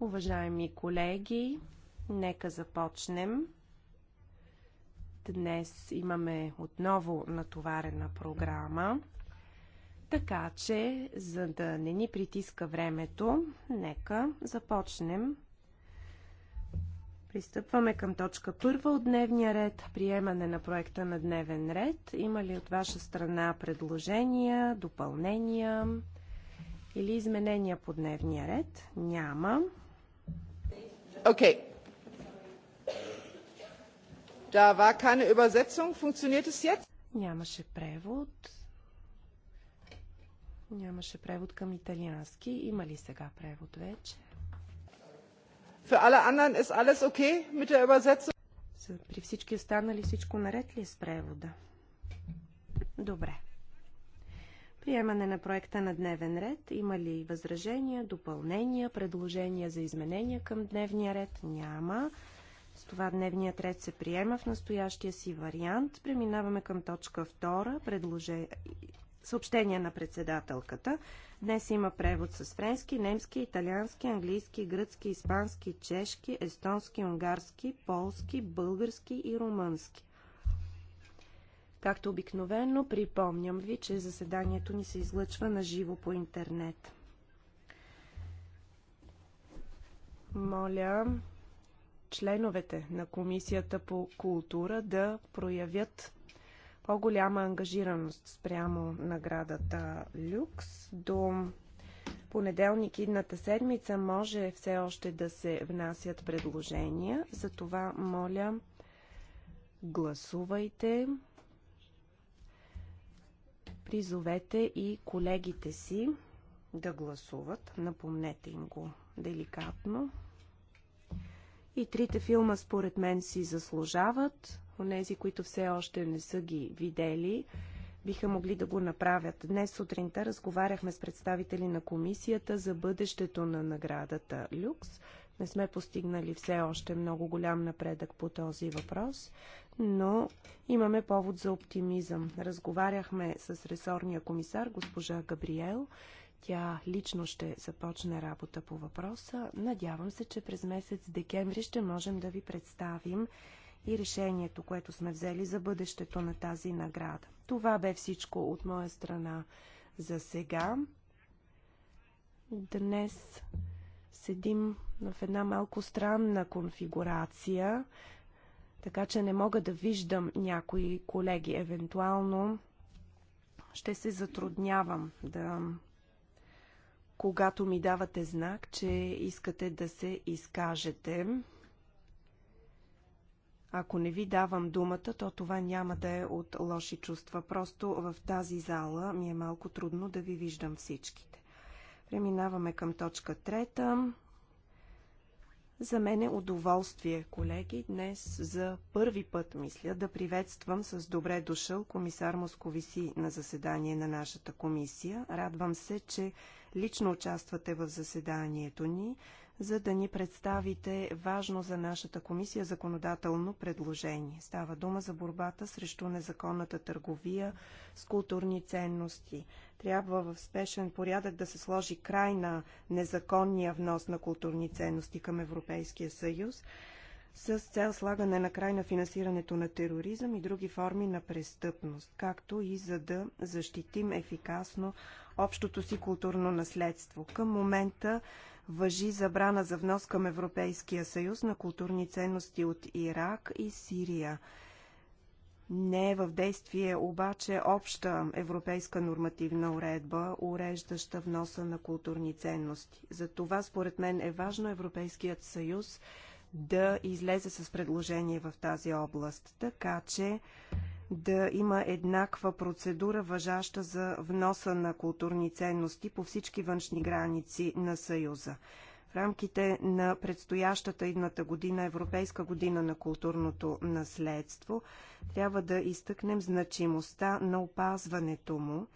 Уважаеми колеги, нека започнем. Днес имаме отново натоварена програма. Така че, за да не ни притиска времето, нека започнем. Пристъпваме към точка първа от дневния ред – приемане на проекта на дневен ред. Има ли от ваша страна предложения, допълнения? Или изменения по дневния ред? Няма. Окей. Да, war keine Übersetzung. Funktioniert es jetzt? Нямаше превод. Нямаше превод към италиански. Има ли сега превод вече? Für alle anderen ist alles okay mit der Übersetzung? При всички останали всичко наред ли е с превода? Добре. Приемане на проекта на дневен ред. Има ли възражения, допълнения, предложения за изменения към дневния ред? Няма. С това дневният ред се приема в настоящия си вариант. Преминаваме към точка 2. Предложе... Съобщение на председателката. Днес има превод с френски, немски, италиански, английски, гръцки, испански, чешки, естонски, унгарски, полски, български и румънски. Както обикновено, припомням ви, че заседанието ни се излъчва на живо по интернет. Моля членовете на Комисията по култура да проявят по-голяма ангажираност спрямо наградата Люкс. До понеделник идната седмица може все още да се внасят предложения. Затова моля гласувайте призовете и колегите си да гласуват. Напомнете им го деликатно. И трите филма според мен си заслужават. Онези, които все още не са ги видели, биха могли да го направят. Днес сутринта разговаряхме с представители на комисията за бъдещето на наградата Люкс. Не сме постигнали все още много голям напредък по този въпрос, но имаме повод за оптимизъм. Разговаряхме с ресорния комисар госпожа Габриел. Тя лично ще започне работа по въпроса. Надявам се, че през месец декември ще можем да ви представим и решението, което сме взели за бъдещето на тази награда. Това бе всичко от моя страна за сега. Днес седим в една малко странна конфигурация така че не мога да виждам някои колеги. Евентуално ще се затруднявам да когато ми давате знак, че искате да се изкажете. Ако не ви давам думата, то това няма да е от лоши чувства. Просто в тази зала ми е малко трудно да ви виждам всичките. Преминаваме към точка трета. За мен е удоволствие, колеги, днес за първи път, мисля, да приветствам с добре дошъл комисар Московиси на заседание на нашата комисия. Радвам се, че лично участвате в заседанието ни за да ни представите важно за нашата комисия законодателно предложение. Става дума за борбата срещу незаконната търговия с културни ценности. Трябва в спешен порядък да се сложи край на незаконния внос на културни ценности към Европейския съюз с цел слагане на край на финансирането на тероризъм и други форми на престъпност, както и за да защитим ефикасно общото си културно наследство. Към момента въжи забрана за внос към Европейския съюз на културни ценности от Ирак и Сирия. Не е в действие обаче обща европейска нормативна уредба, уреждаща вноса на културни ценности. За това, според мен, е важно Европейският съюз да излезе с предложение в тази област, така че да има еднаква процедура, въжаща за вноса на културни ценности по всички външни граници на Съюза. В рамките на предстоящата идната година, Европейска година на културното наследство, трябва да изтъкнем значимостта на опазването му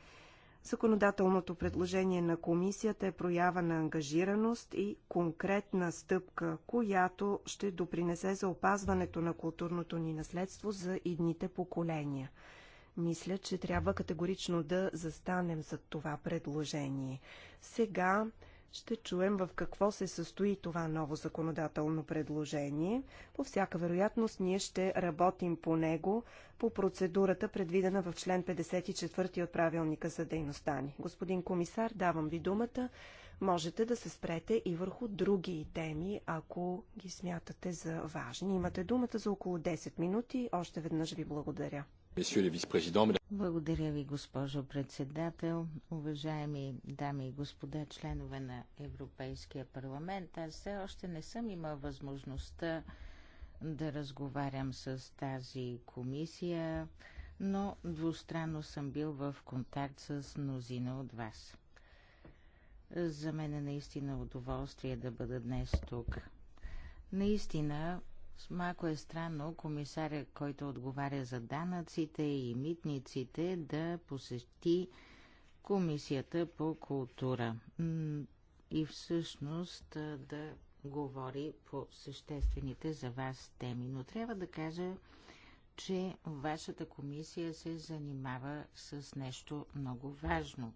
Законодателното предложение на комисията е проява на ангажираност и конкретна стъпка, която ще допринесе за опазването на културното ни наследство за идните поколения. Мисля, че трябва категорично да застанем за това предложение. Сега ще чуем в какво се състои това ново законодателно предложение. По всяка вероятност ние ще работим по него по процедурата, предвидена в член 54 от правилника за дейността ни. Господин комисар, давам ви думата. Можете да се спрете и върху други теми, ако ги смятате за важни. Имате думата за около 10 минути. Още веднъж ви благодаря. Благодаря ви, госпожо председател. Уважаеми дами и господа, членове на Европейския парламент, аз все още не съм имал възможността да разговарям с тази комисия, но двустранно съм бил в контакт с мнозина от вас. За мен е наистина удоволствие да бъда днес тук. Наистина Малко е странно комисаря, който отговаря за данъците и митниците, да посещи Комисията по култура и всъщност да говори по съществените за вас теми. Но трябва да кажа, че вашата комисия се занимава с нещо много важно.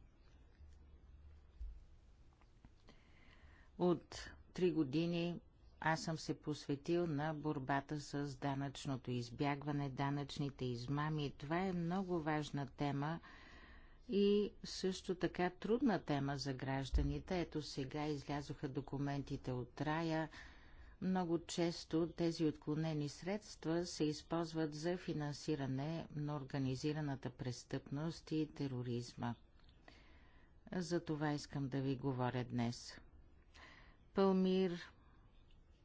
От три години аз съм се посветил на борбата с данъчното избягване, данъчните измами. Това е много важна тема и също така трудна тема за гражданите. Ето сега излязоха документите от рая. Много често тези отклонени средства се използват за финансиране на организираната престъпност и тероризма. За това искам да ви говоря днес. Пълмир.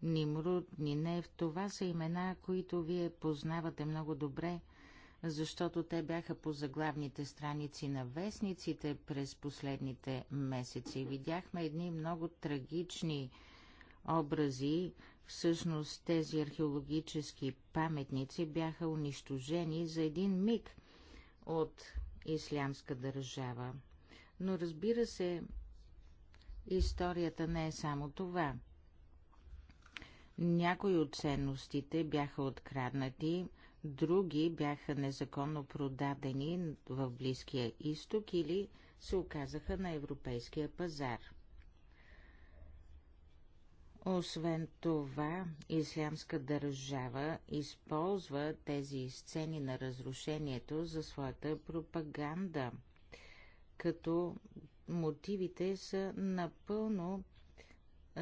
Нимруд, Нинев, това са имена, които вие познавате много добре, защото те бяха по заглавните страници на вестниците през последните месеци. Видяхме едни много трагични образи. Всъщност тези археологически паметници бяха унищожени за един миг от ислямска държава. Но разбира се, историята не е само това – някои от ценностите бяха откраднати, други бяха незаконно продадени в Близкия изток или се оказаха на европейския пазар. Освен това, Ислямска държава използва тези сцени на разрушението за своята пропаганда, като мотивите са напълно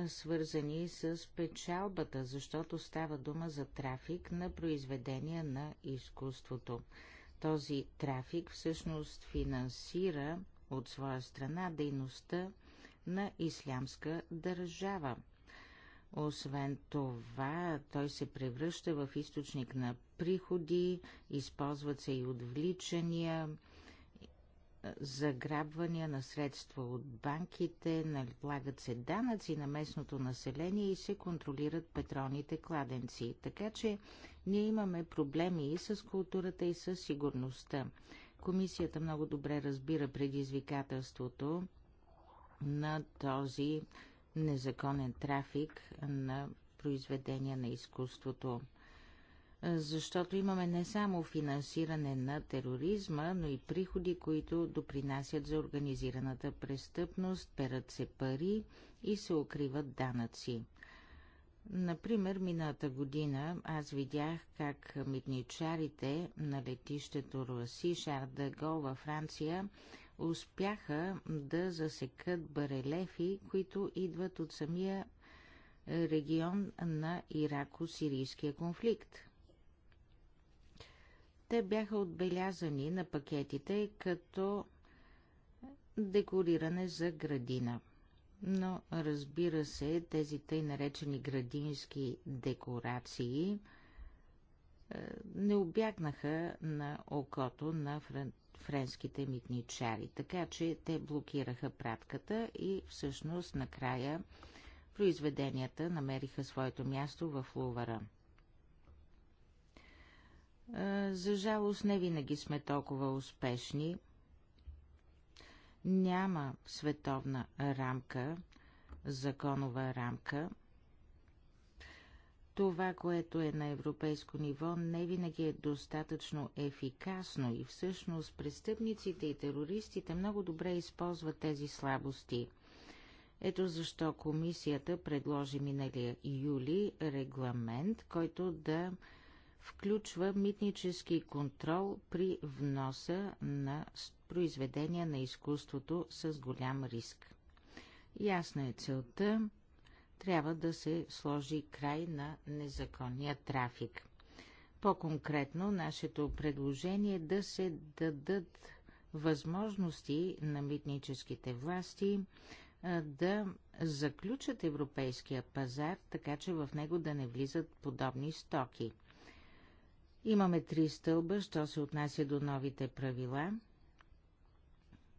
свързани с печалбата, защото става дума за трафик на произведения на изкуството. Този трафик всъщност финансира от своя страна дейността на ислямска държава. Освен това, той се превръща в източник на приходи, използват се и отвличания, заграбвания на средства от банките, налагат нали, се данъци на местното население и се контролират петролните кладенци. Така че ние имаме проблеми и с културата, и с сигурността. Комисията много добре разбира предизвикателството на този незаконен трафик на произведения на изкуството защото имаме не само финансиране на тероризма, но и приходи, които допринасят за организираната престъпност, перат се пари и се укриват данъци. Например, миналата година аз видях как митничарите на летището Руаси Шар де Гол във Франция успяха да засекат барелефи, които идват от самия регион на Ирако-сирийския конфликт. Те бяха отбелязани на пакетите като декориране за градина. Но разбира се, тези тъй наречени градински декорации е, не обягнаха на окото на френските митничари, така че те блокираха пратката и всъщност накрая произведенията намериха своето място в Лувара. Е, за жалост не винаги сме толкова успешни. Няма световна рамка, законова рамка. Това, което е на европейско ниво, не винаги е достатъчно ефикасно и всъщност престъпниците и терористите много добре използват тези слабости. Ето защо комисията предложи миналия юли регламент, който да включва митнически контрол при вноса на произведения на изкуството с голям риск. Ясна е целта, трябва да се сложи край на незаконния трафик. По-конкретно, нашето предложение е да се дадат възможности на митническите власти да заключат европейския пазар, така че в него да не влизат подобни стоки. Имаме три стълба, що се отнася до новите правила.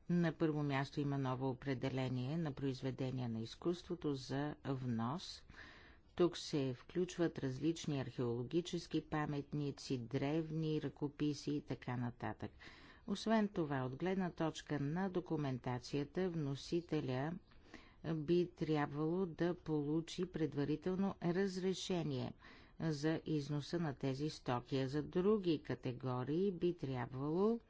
На първо място има ново определение на произведения на изкуството за внос. Тук се включват различни археологически паметници, древни ръкописи и така нататък. Освен това, от гледна точка на документацията, вносителя би трябвало да получи предварително разрешение – за износа на тези стоки, а за други категории би трябвало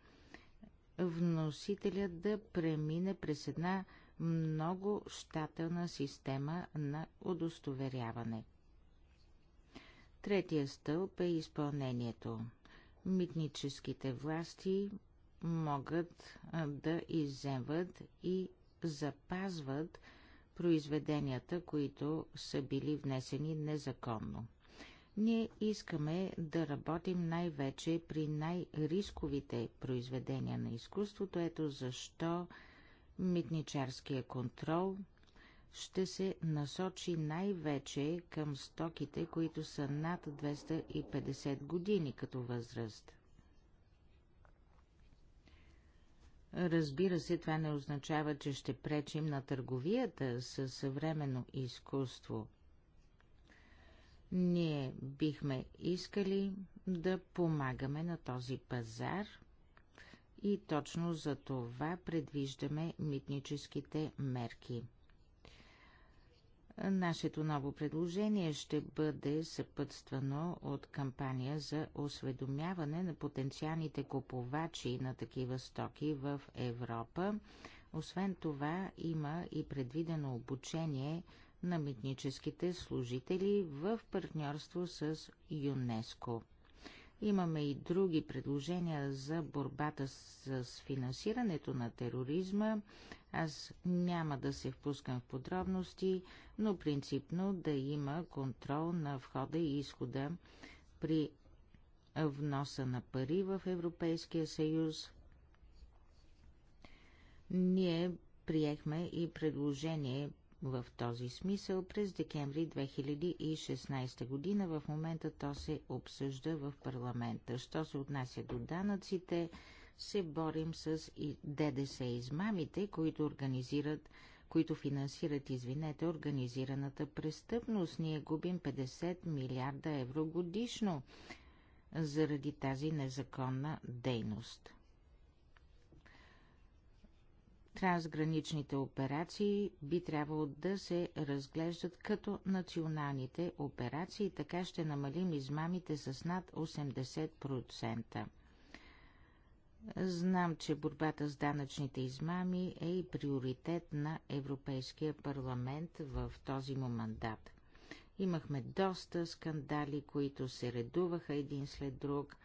вносителя да премине през една много щателна система на удостоверяване. Третия стълб е изпълнението. Митническите власти могат да изземват и запазват произведенията, които са били внесени незаконно. Ние искаме да работим най-вече при най-рисковите произведения на изкуството. Ето защо митничарския контрол ще се насочи най-вече към стоките, които са над 250 години като възраст. Разбира се, това не означава, че ще пречим на търговията със съвременно изкуство – ние бихме искали да помагаме на този пазар и точно за това предвиждаме митническите мерки. Нашето ново предложение ще бъде съпътствано от кампания за осведомяване на потенциалните купувачи на такива стоки в Европа. Освен това има и предвидено обучение на митническите служители в партньорство с ЮНЕСКО. Имаме и други предложения за борбата с, с финансирането на тероризма. Аз няма да се впускам в подробности, но принципно да има контрол на входа и изхода при вноса на пари в Европейския съюз. Ние приехме и предложение в този смисъл през декември 2016 година. В момента то се обсъжда в парламента. Що се отнася до данъците, се борим с ДДС измамите, които организират които финансират, извинете, организираната престъпност. Ние губим 50 милиарда евро годишно заради тази незаконна дейност. Трансграничните операции би трябвало да се разглеждат като националните операции, така ще намалим измамите с над 80%. Знам, че борбата с данъчните измами е и приоритет на Европейския парламент в този му мандат. Имахме доста скандали, които се редуваха един след друг.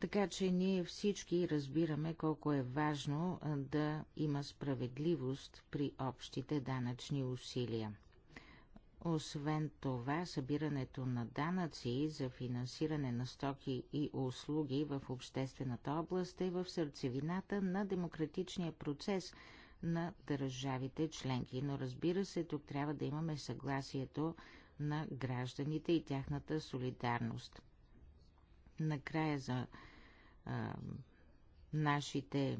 Така че ние всички разбираме колко е важно да има справедливост при общите данъчни усилия. Освен това, събирането на данъци за финансиране на стоки и услуги в обществената област е в сърцевината на демократичния процес на държавите членки. Но разбира се, тук трябва да имаме съгласието на гражданите и тяхната солидарност накрая за а, нашите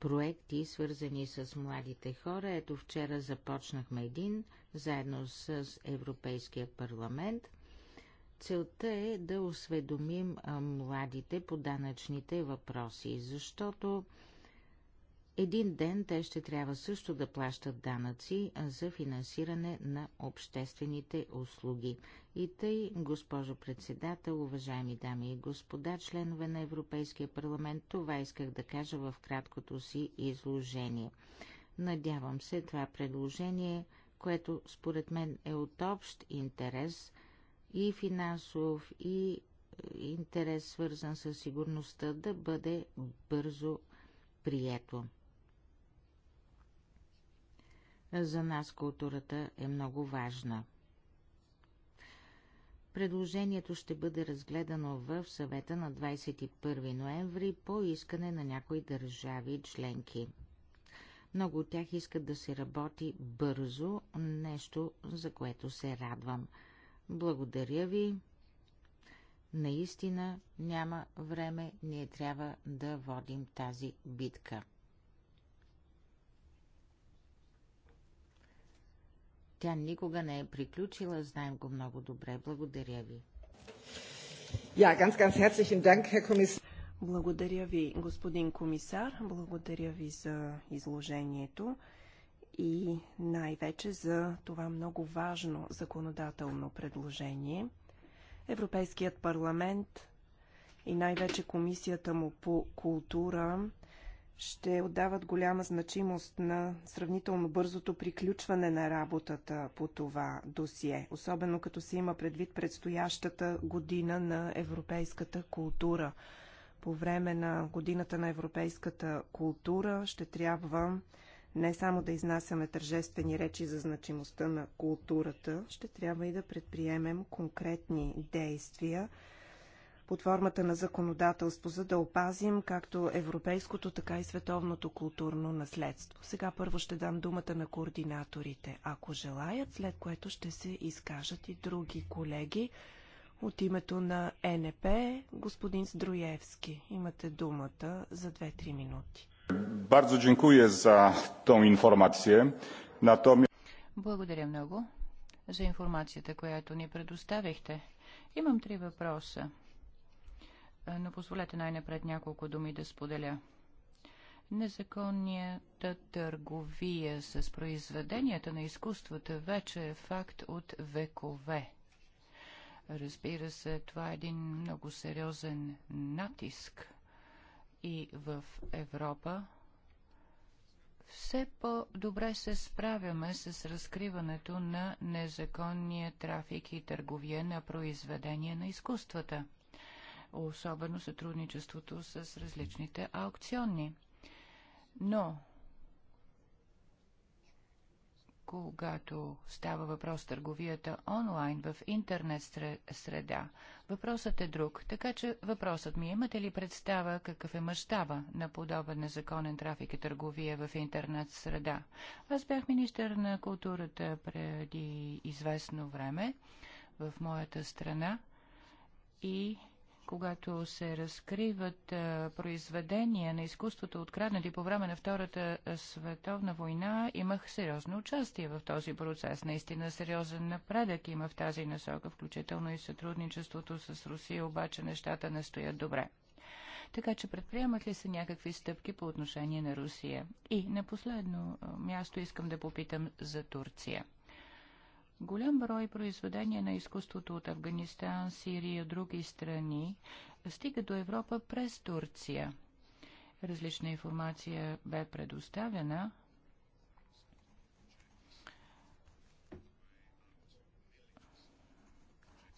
проекти, свързани с младите хора. Ето вчера започнахме един, заедно с Европейския парламент. Целта е да осведомим младите по данъчните въпроси, защото един ден те ще трябва също да плащат данъци за финансиране на обществените услуги. И тъй, госпожо председател, уважаеми дами и господа, членове на Европейския парламент, това исках да кажа в краткото си изложение. Надявам се това предложение, което според мен е от общ интерес и финансов, и е, интерес свързан с сигурността, да бъде бързо прието. За нас културата е много важна. Предложението ще бъде разгледано в съвета на 21 ноември по искане на някои държави членки. Много от тях искат да се работи бързо, нещо за което се радвам. Благодаря ви. Наистина няма време, ние трябва да водим тази битка. Тя никога не е приключила, знаем го много добре. Благодаря ви. Ja, ganz, ganz herzlichen Dank, Herr Kommissar. Благодаря ви, господин комисар. Благодаря ви за изложението и най-вече за това много важно законодателно предложение. Европейският парламент и най-вече комисията му по култура ще отдават голяма значимост на сравнително бързото приключване на работата по това досие, особено като се има предвид предстоящата година на европейската култура. По време на годината на европейската култура ще трябва не само да изнасяме тържествени речи за значимостта на културата, ще трябва и да предприемем конкретни действия – под формата на законодателство, за да опазим както европейското, така и световното културно наследство. Сега първо ще дам думата на координаторите, ако желаят, след което ще се изкажат и други колеги. От името на НП, господин Здруевски. имате думата за 2-3 минути. Bardzo dziękuję za tą informację. Natomiast... Благодаря много за информацията, която ни предоставихте. Имам три въпроса. Е, но позволете най-напред няколко думи да споделя. Незаконнията търговия с произведенията на изкуствата вече е факт от векове. Разбира се, това е един много сериозен натиск и в Европа все по-добре се справяме с разкриването на незаконния трафик и търговия на произведения на изкуствата – особено сътрудничеството с различните аукционни. Но, когато става въпрос търговията онлайн в интернет среда, въпросът е друг. Така че въпросът ми е, имате ли представа какъв е мащаба на подобен незаконен трафик и търговия в интернет среда? Аз бях министър на културата преди известно време в моята страна и когато се разкриват произведения на изкуството, откраднати по време на Втората световна война, имах сериозно участие в този процес. Наистина сериозен напредък има в тази насока, включително и сътрудничеството с Русия, обаче нещата не стоят добре. Така че предприемат ли се някакви стъпки по отношение на Русия? И на последно място искам да попитам за Турция. Голям брой произведения на изкуството от Афганистан, Сирия и други страни стига до Европа през Турция. Различна информация бе предоставена.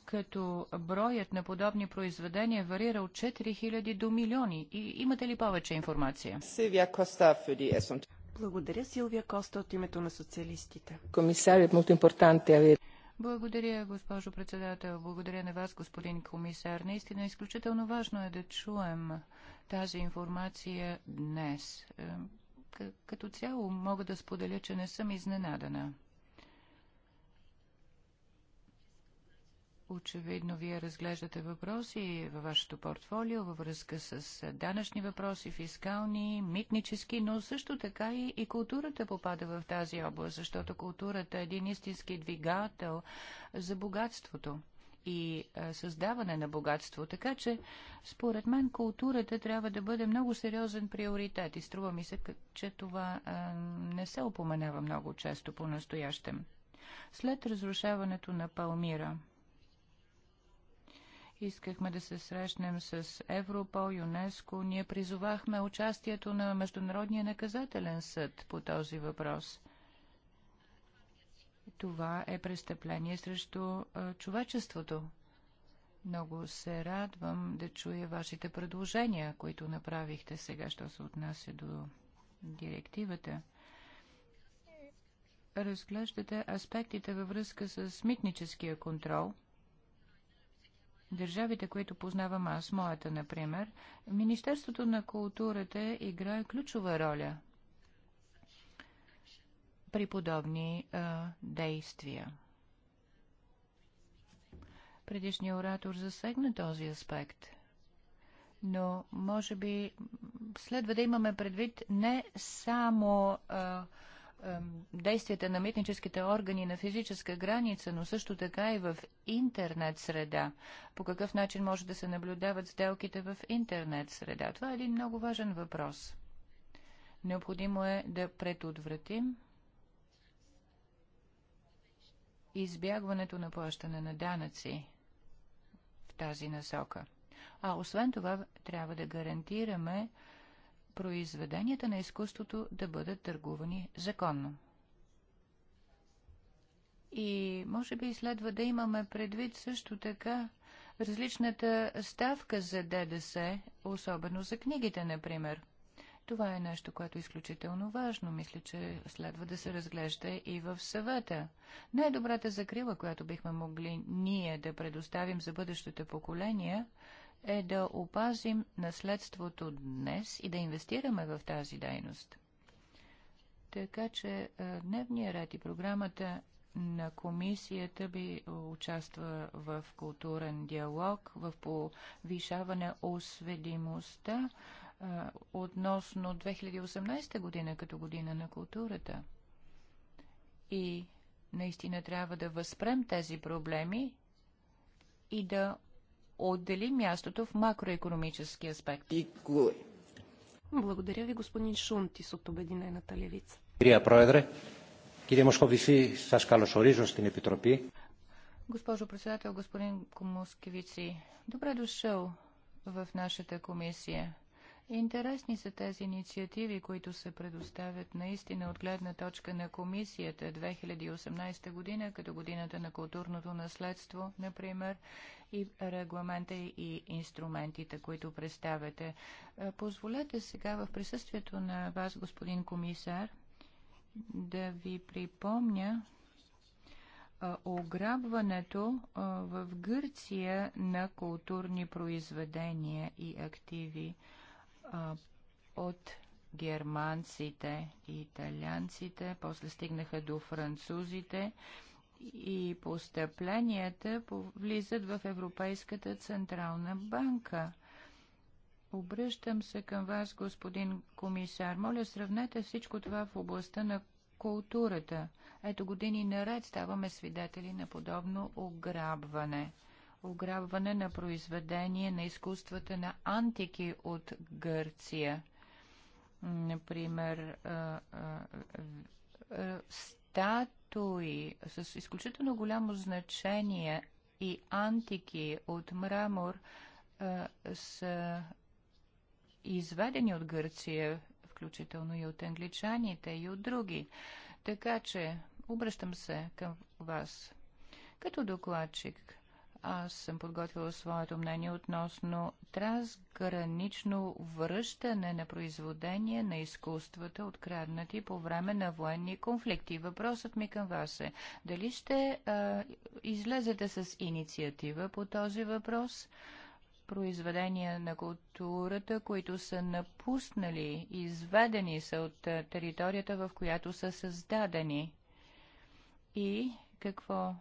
като броят на подобни произведения варира от 4000 до милиони. И имате ли повече информация? Благодаря Силвия Коста от името на социалистите. Е Благодаря, госпожо председател. Благодаря на вас, господин комисар. Наистина изключително важно е да чуем тази информация днес. Е, като цяло мога да споделя, че не съм изненадана. Очевидно, вие разглеждате въпроси във вашето портфолио във връзка с данъчни въпроси, фискални, митнически, но също така и, и културата попада в тази област, защото културата е един истински двигател за богатството и създаване на богатство. Така че, според мен, културата трябва да бъде много сериозен приоритет и струва ми се, че това а, не се опоменава много често по-настоящем. След разрушаването на Палмира – Искахме да се срещнем с Европол, ЮНЕСКО. Ние призовахме участието на Международния наказателен съд по този въпрос. Това е престъпление срещу човечеството. Много се радвам да чуя вашите предложения, които направихте сега, що се отнася до директивата. Разглеждате аспектите във връзка с митническия контрол – държавите, които познавам аз, моята, например, Министерството на културата играе ключова роля при подобни а, действия. Предишният оратор засегна този аспект – но може би следва да имаме предвид не само а, действията на митническите органи на физическа граница, но също така и в интернет среда. По какъв начин може да се наблюдават сделките в интернет среда? Това е един много важен въпрос. Необходимо е да предотвратим избягването на плащане на данъци в тази насока. А освен това, трябва да гарантираме произведенията на изкуството да бъдат търгувани законно. И може би следва да имаме предвид също така различната ставка за ДДС, особено за книгите, например. Това е нещо, което е изключително важно. Мисля, че следва да се разглежда и в съвета. Най-добрата закрила, която бихме могли ние да предоставим за бъдещите поколения, е да опазим наследството днес и да инвестираме в тази дейност. Така че е, дневния ред и програмата на комисията би участва в културен диалог, в повишаване осведимостта е, относно 2018 година като година на културата. И наистина трябва да възпрем тези проблеми и да отдели мястото в макроекономически аспект. Благодаря ви, господин Шунтис от Обединената левица. Кирия Проедре, кирия Мошковиси, сас καλωσορίζω στην Епитропи. Госпожо председател, господин Комоскевици, добре дошъл в нашата комисия. Интересни са тези инициативи, които се предоставят наистина от гледна точка на комисията 2018 година, като годината на културното наследство, например, и регламента и инструментите, които представяте. Позволете сега в присъствието на вас, господин комисар, да ви припомня ограбването в Гърция на културни произведения и активи а, от германците и италианците, после стигнаха до французите и постъпленията влизат в Европейската централна банка. Обръщам се към вас, господин комисар. Моля, сравнете всичко това в областта на културата. Ето години наред ставаме свидетели на подобно ограбване ограбване на произведение на изкуствата на антики от Гърция. Например, статуи с изключително голямо значение и антики от мрамор са изведени от Гърция, включително и от англичаните и от други. Така че обръщам се към вас като докладчик аз съм подготвила своето мнение относно трансгранично връщане на производение на изкуствата, откраднати по време на военни конфликти. Въпросът ми към вас е, дали ще а, излезете с инициатива по този въпрос? произведения на културата, които са напуснали, изведени са от територията, в която са създадени. И какво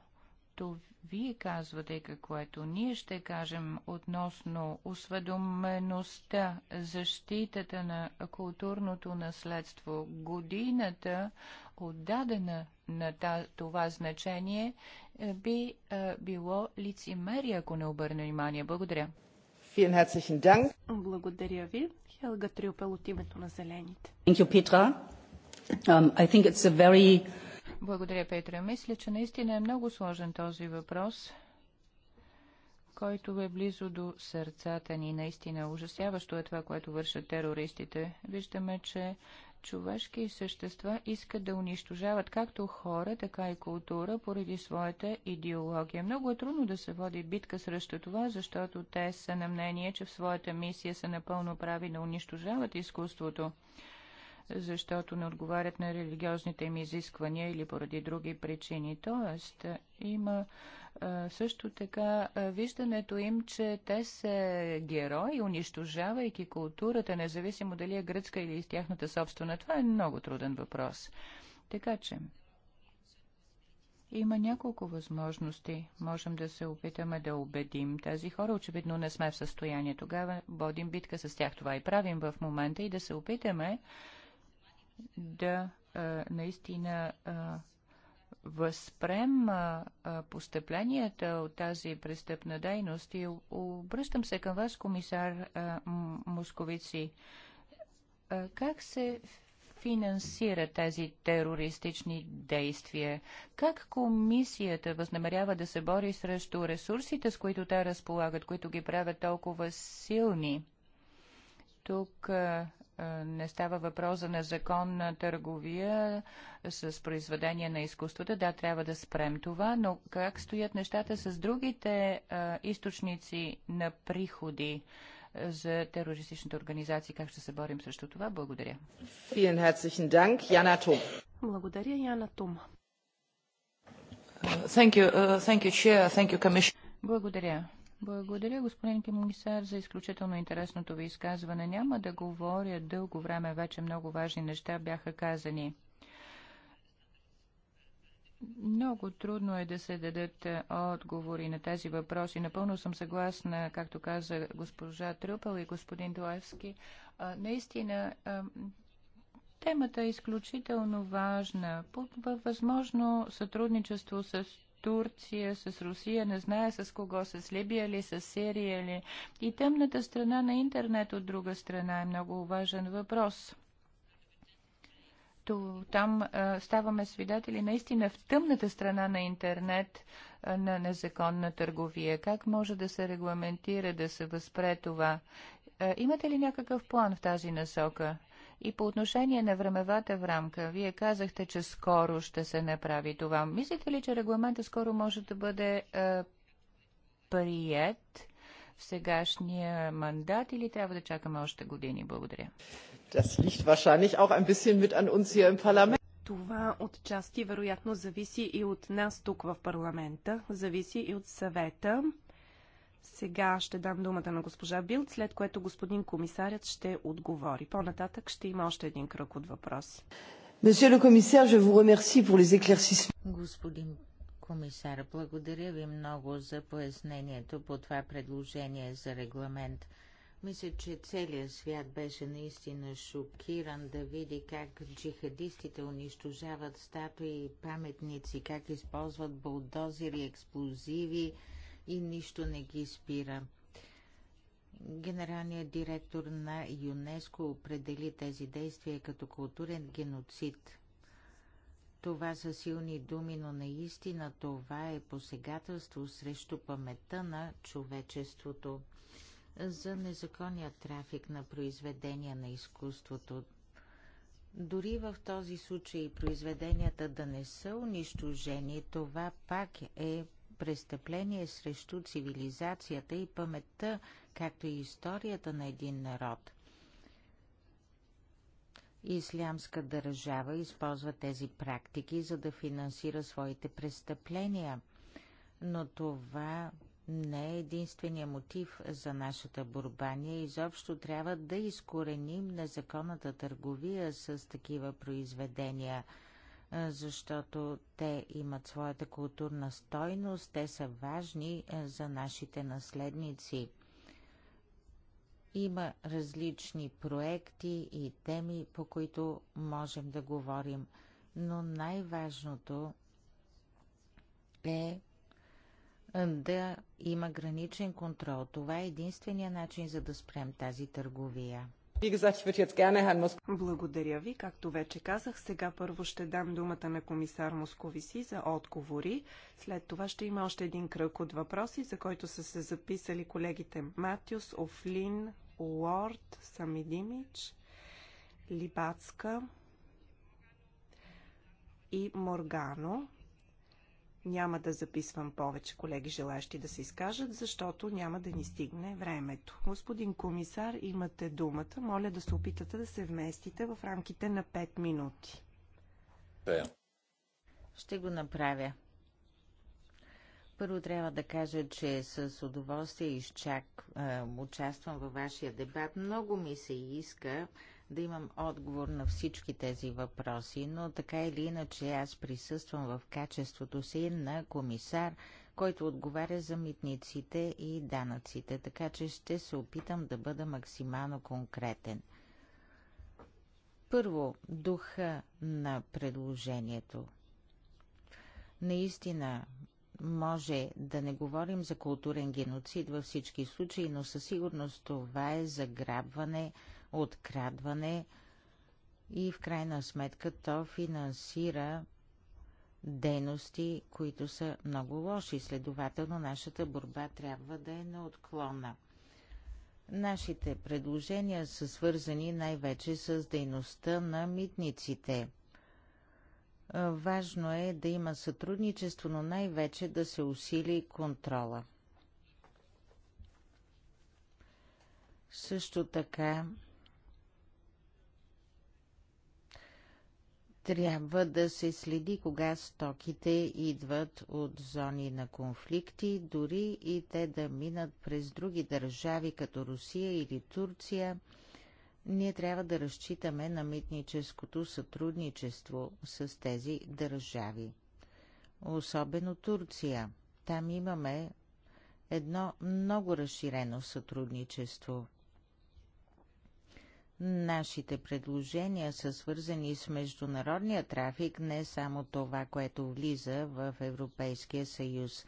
което вие казвате и което ние ще кажем относно осведомеността, защитата на културното наследство, годината, отдадена на това значение, е, би е, било лицемерие, ако не обърне внимание. Благодаря. Благодаря ви. Хелга Трюпел от името на Зелените. Thank you, Petra. Um, I think it's a very благодаря, Петра. Мисля, че наистина е много сложен този въпрос, който е близо до сърцата ни. Наистина ужасяващо е това, което вършат терористите. Виждаме, че човешки същества искат да унищожават както хора, така и култура поради своята идеология. Много е трудно да се води битка срещу това, защото те са на мнение, че в своята мисия са напълно прави да унищожават изкуството защото не отговарят на религиозните им изисквания или поради други причини. Тоест, е, има е, също така е, виждането им, че те са герои, унищожавайки културата, независимо дали е гръцка или из тяхната собствена. Това е много труден въпрос. Така че, има няколко възможности. Можем да се опитаме да убедим тези хора. Очевидно не сме в състояние. Тогава водим битка с тях. Това и правим в момента и да се опитаме да а, наистина а, възпрем а, постъпленията от тази престъпна дейност и обръщам се към вас, комисар а, Московици. А, как се финансира тези терористични действия? Как комисията възнамерява да се бори срещу ресурсите, с които те разполагат, които ги правят толкова силни? Тук не става въпрос за незаконна търговия с произведения на изкуствата. Да, трябва да спрем това, но как стоят нещата с другите източници на приходи? за терористичните организации. Как ще се борим срещу това? Благодаря. Благодаря, Яна Тум. Uh, Благодаря. Благодаря, господин Комисар за изключително интересното ви изказване. Няма да говоря дълго време, вече много важни неща бяха казани. Много трудно е да се дадат отговори на тези въпроси. Напълно съм съгласна, както каза госпожа Трюпел и господин Дуевски. Наистина, темата е изключително важна. възможно сътрудничество с Турция, с Русия, не знае с кого, с Либия ли, с Сирия ли. И тъмната страна на интернет от друга страна е много важен въпрос. То, там а, ставаме свидетели наистина в тъмната страна на интернет а, на незаконна търговия. Как може да се регламентира, да се възпре това? А, имате ли някакъв план в тази насока? И по отношение на времевата в рамка, вие казахте, че скоро ще се направи това. Мислите ли, че регламента скоро може да бъде е, прият в сегашния мандат или трябва да чакаме още години? Благодаря. Това отчасти вероятно зависи и от нас тук в парламента, зависи и от съвета. Сега ще дам думата на госпожа Билд, след което господин комисарят ще отговори. По-нататък ще има още един кръг от въпроси. Господин комисар, благодаря ви много за пояснението по това предложение за регламент. Мисля, че целият свят беше наистина шокиран да види как джихадистите унищожават статуи и паметници, как използват булдозери, експлозиви, и нищо не ги спира. Генералният директор на ЮНЕСКО определи тези действия като културен геноцид. Това са силни думи, но наистина това е посегателство срещу паметта на човечеството. За незаконния трафик на произведения на изкуството. Дори в този случай произведенията да не са унищожени, това пак е престъпление срещу цивилизацията и паметта, както и историята на един народ. Ислямска държава използва тези практики, за да финансира своите престъпления, но това не е единствения мотив за нашата борба. Ние изобщо трябва да изкореним незаконната търговия с такива произведения – защото те имат своята културна стойност, те са важни за нашите наследници. Има различни проекти и теми, по които можем да говорим, но най-важното е да има граничен контрол. Това е единствения начин за да спрем тази търговия. Благодаря ви. Както вече казах, сега първо ще дам думата на комисар Московиси за отговори. След това ще има още един кръг от въпроси, за който са се записали колегите Матиус, Офлин, Уорд, Самидимич, Либацка и Моргано. Няма да записвам повече колеги желащи да се изкажат, защото няма да ни стигне времето. Господин комисар, имате думата. Моля да се опитате да се вместите в рамките на 5 минути. Да. Е. Ще го направя. Първо трябва да кажа, че с удоволствие изчак, е, участвам във вашия дебат. Много ми се иска да имам отговор на всички тези въпроси, но така или иначе аз присъствам в качеството си на комисар, който отговаря за митниците и данъците, така че ще се опитам да бъда максимално конкретен. Първо, духа на предложението. Наистина, може да не говорим за културен геноцид във всички случаи, но със сигурност това е заграбване открадване и в крайна сметка то финансира дейности, които са много лоши. Следователно, нашата борба трябва да е на отклона. Нашите предложения са свързани най-вече с дейността на митниците. Важно е да има сътрудничество, но най-вече да се усили контрола. Също така Трябва да се следи кога стоките идват от зони на конфликти, дори и те да минат през други държави, като Русия или Турция. Ние трябва да разчитаме на митническото сътрудничество с тези държави. Особено Турция. Там имаме едно много разширено сътрудничество – Нашите предложения са свързани с международния трафик, не само това, което влиза в Европейския съюз.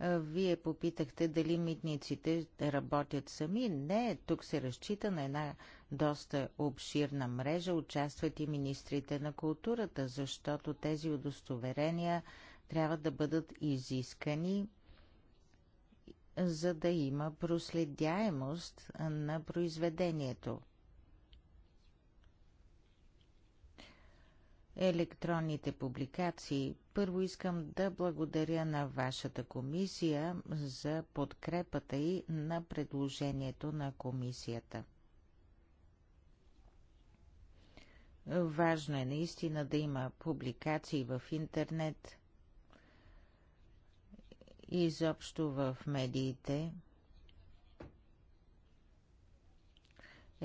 Вие попитахте дали митниците работят сами. Не, тук се разчита на една доста обширна мрежа. Участват и министрите на културата, защото тези удостоверения трябва да бъдат изискани, за да има проследяемост на произведението. електронните публикации. Първо искам да благодаря на вашата комисия за подкрепата и на предложението на комисията. Важно е наистина да има публикации в интернет и изобщо в медиите –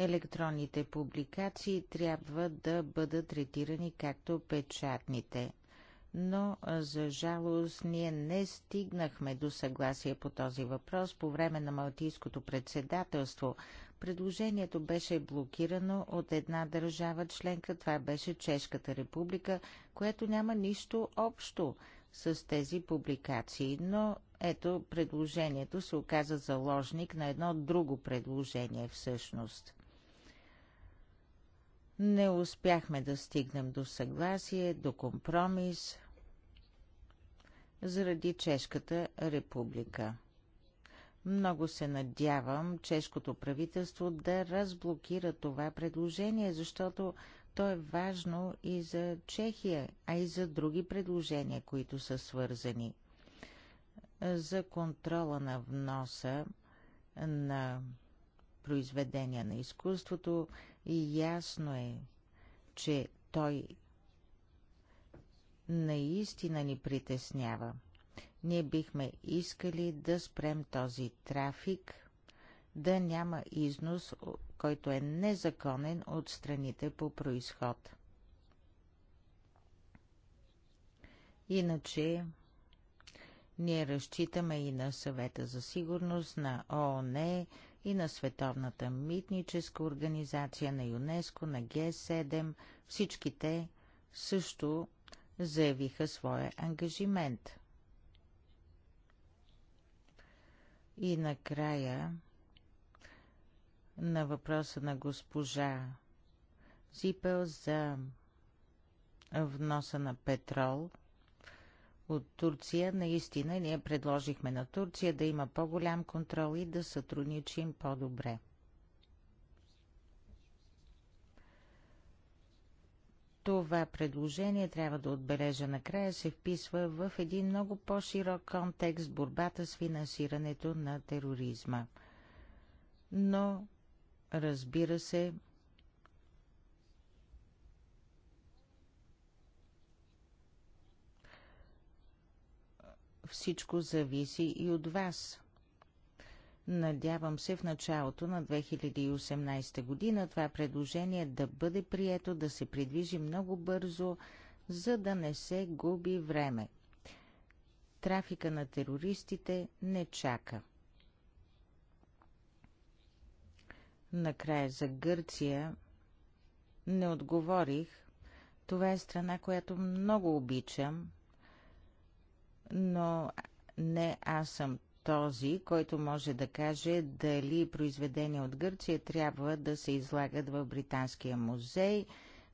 електронните публикации трябва да бъдат третирани както печатните. Но, за жалост, ние не стигнахме до съгласие по този въпрос по време на Малтийското председателство. Предложението беше блокирано от една държава членка, това беше Чешката република, което няма нищо общо с тези публикации, но ето предложението се оказа заложник на едно друго предложение всъщност. Не успяхме да стигнем до съгласие, до компромис заради Чешката република. Много се надявам чешкото правителство да разблокира това предложение, защото то е важно и за Чехия, а и за други предложения, които са свързани. За контрола на вноса на произведения на изкуството и ясно е, че той наистина ни притеснява. Ние бихме искали да спрем този трафик, да няма износ, който е незаконен от страните по происход. Иначе ние разчитаме и на съвета за сигурност на ООН, и на Световната митническа организация, на ЮНЕСКО, на Г7. Всички те също заявиха своя ангажимент. И накрая на въпроса на госпожа Зипел за вноса на петрол от Турция. Наистина ние предложихме на Турция да има по-голям контрол и да сътрудничим по-добре. Това предложение, трябва да отбележа накрая, се вписва в един много по-широк контекст борбата с финансирането на тероризма. Но, разбира се, всичко зависи и от вас. Надявам се в началото на 2018 година това предложение да бъде прието, да се придвижи много бързо, за да не се губи време. Трафика на терористите не чака. Накрая за Гърция не отговорих. Това е страна, която много обичам но не аз съм този, който може да каже дали произведения от Гърция трябва да се излагат в Британския музей.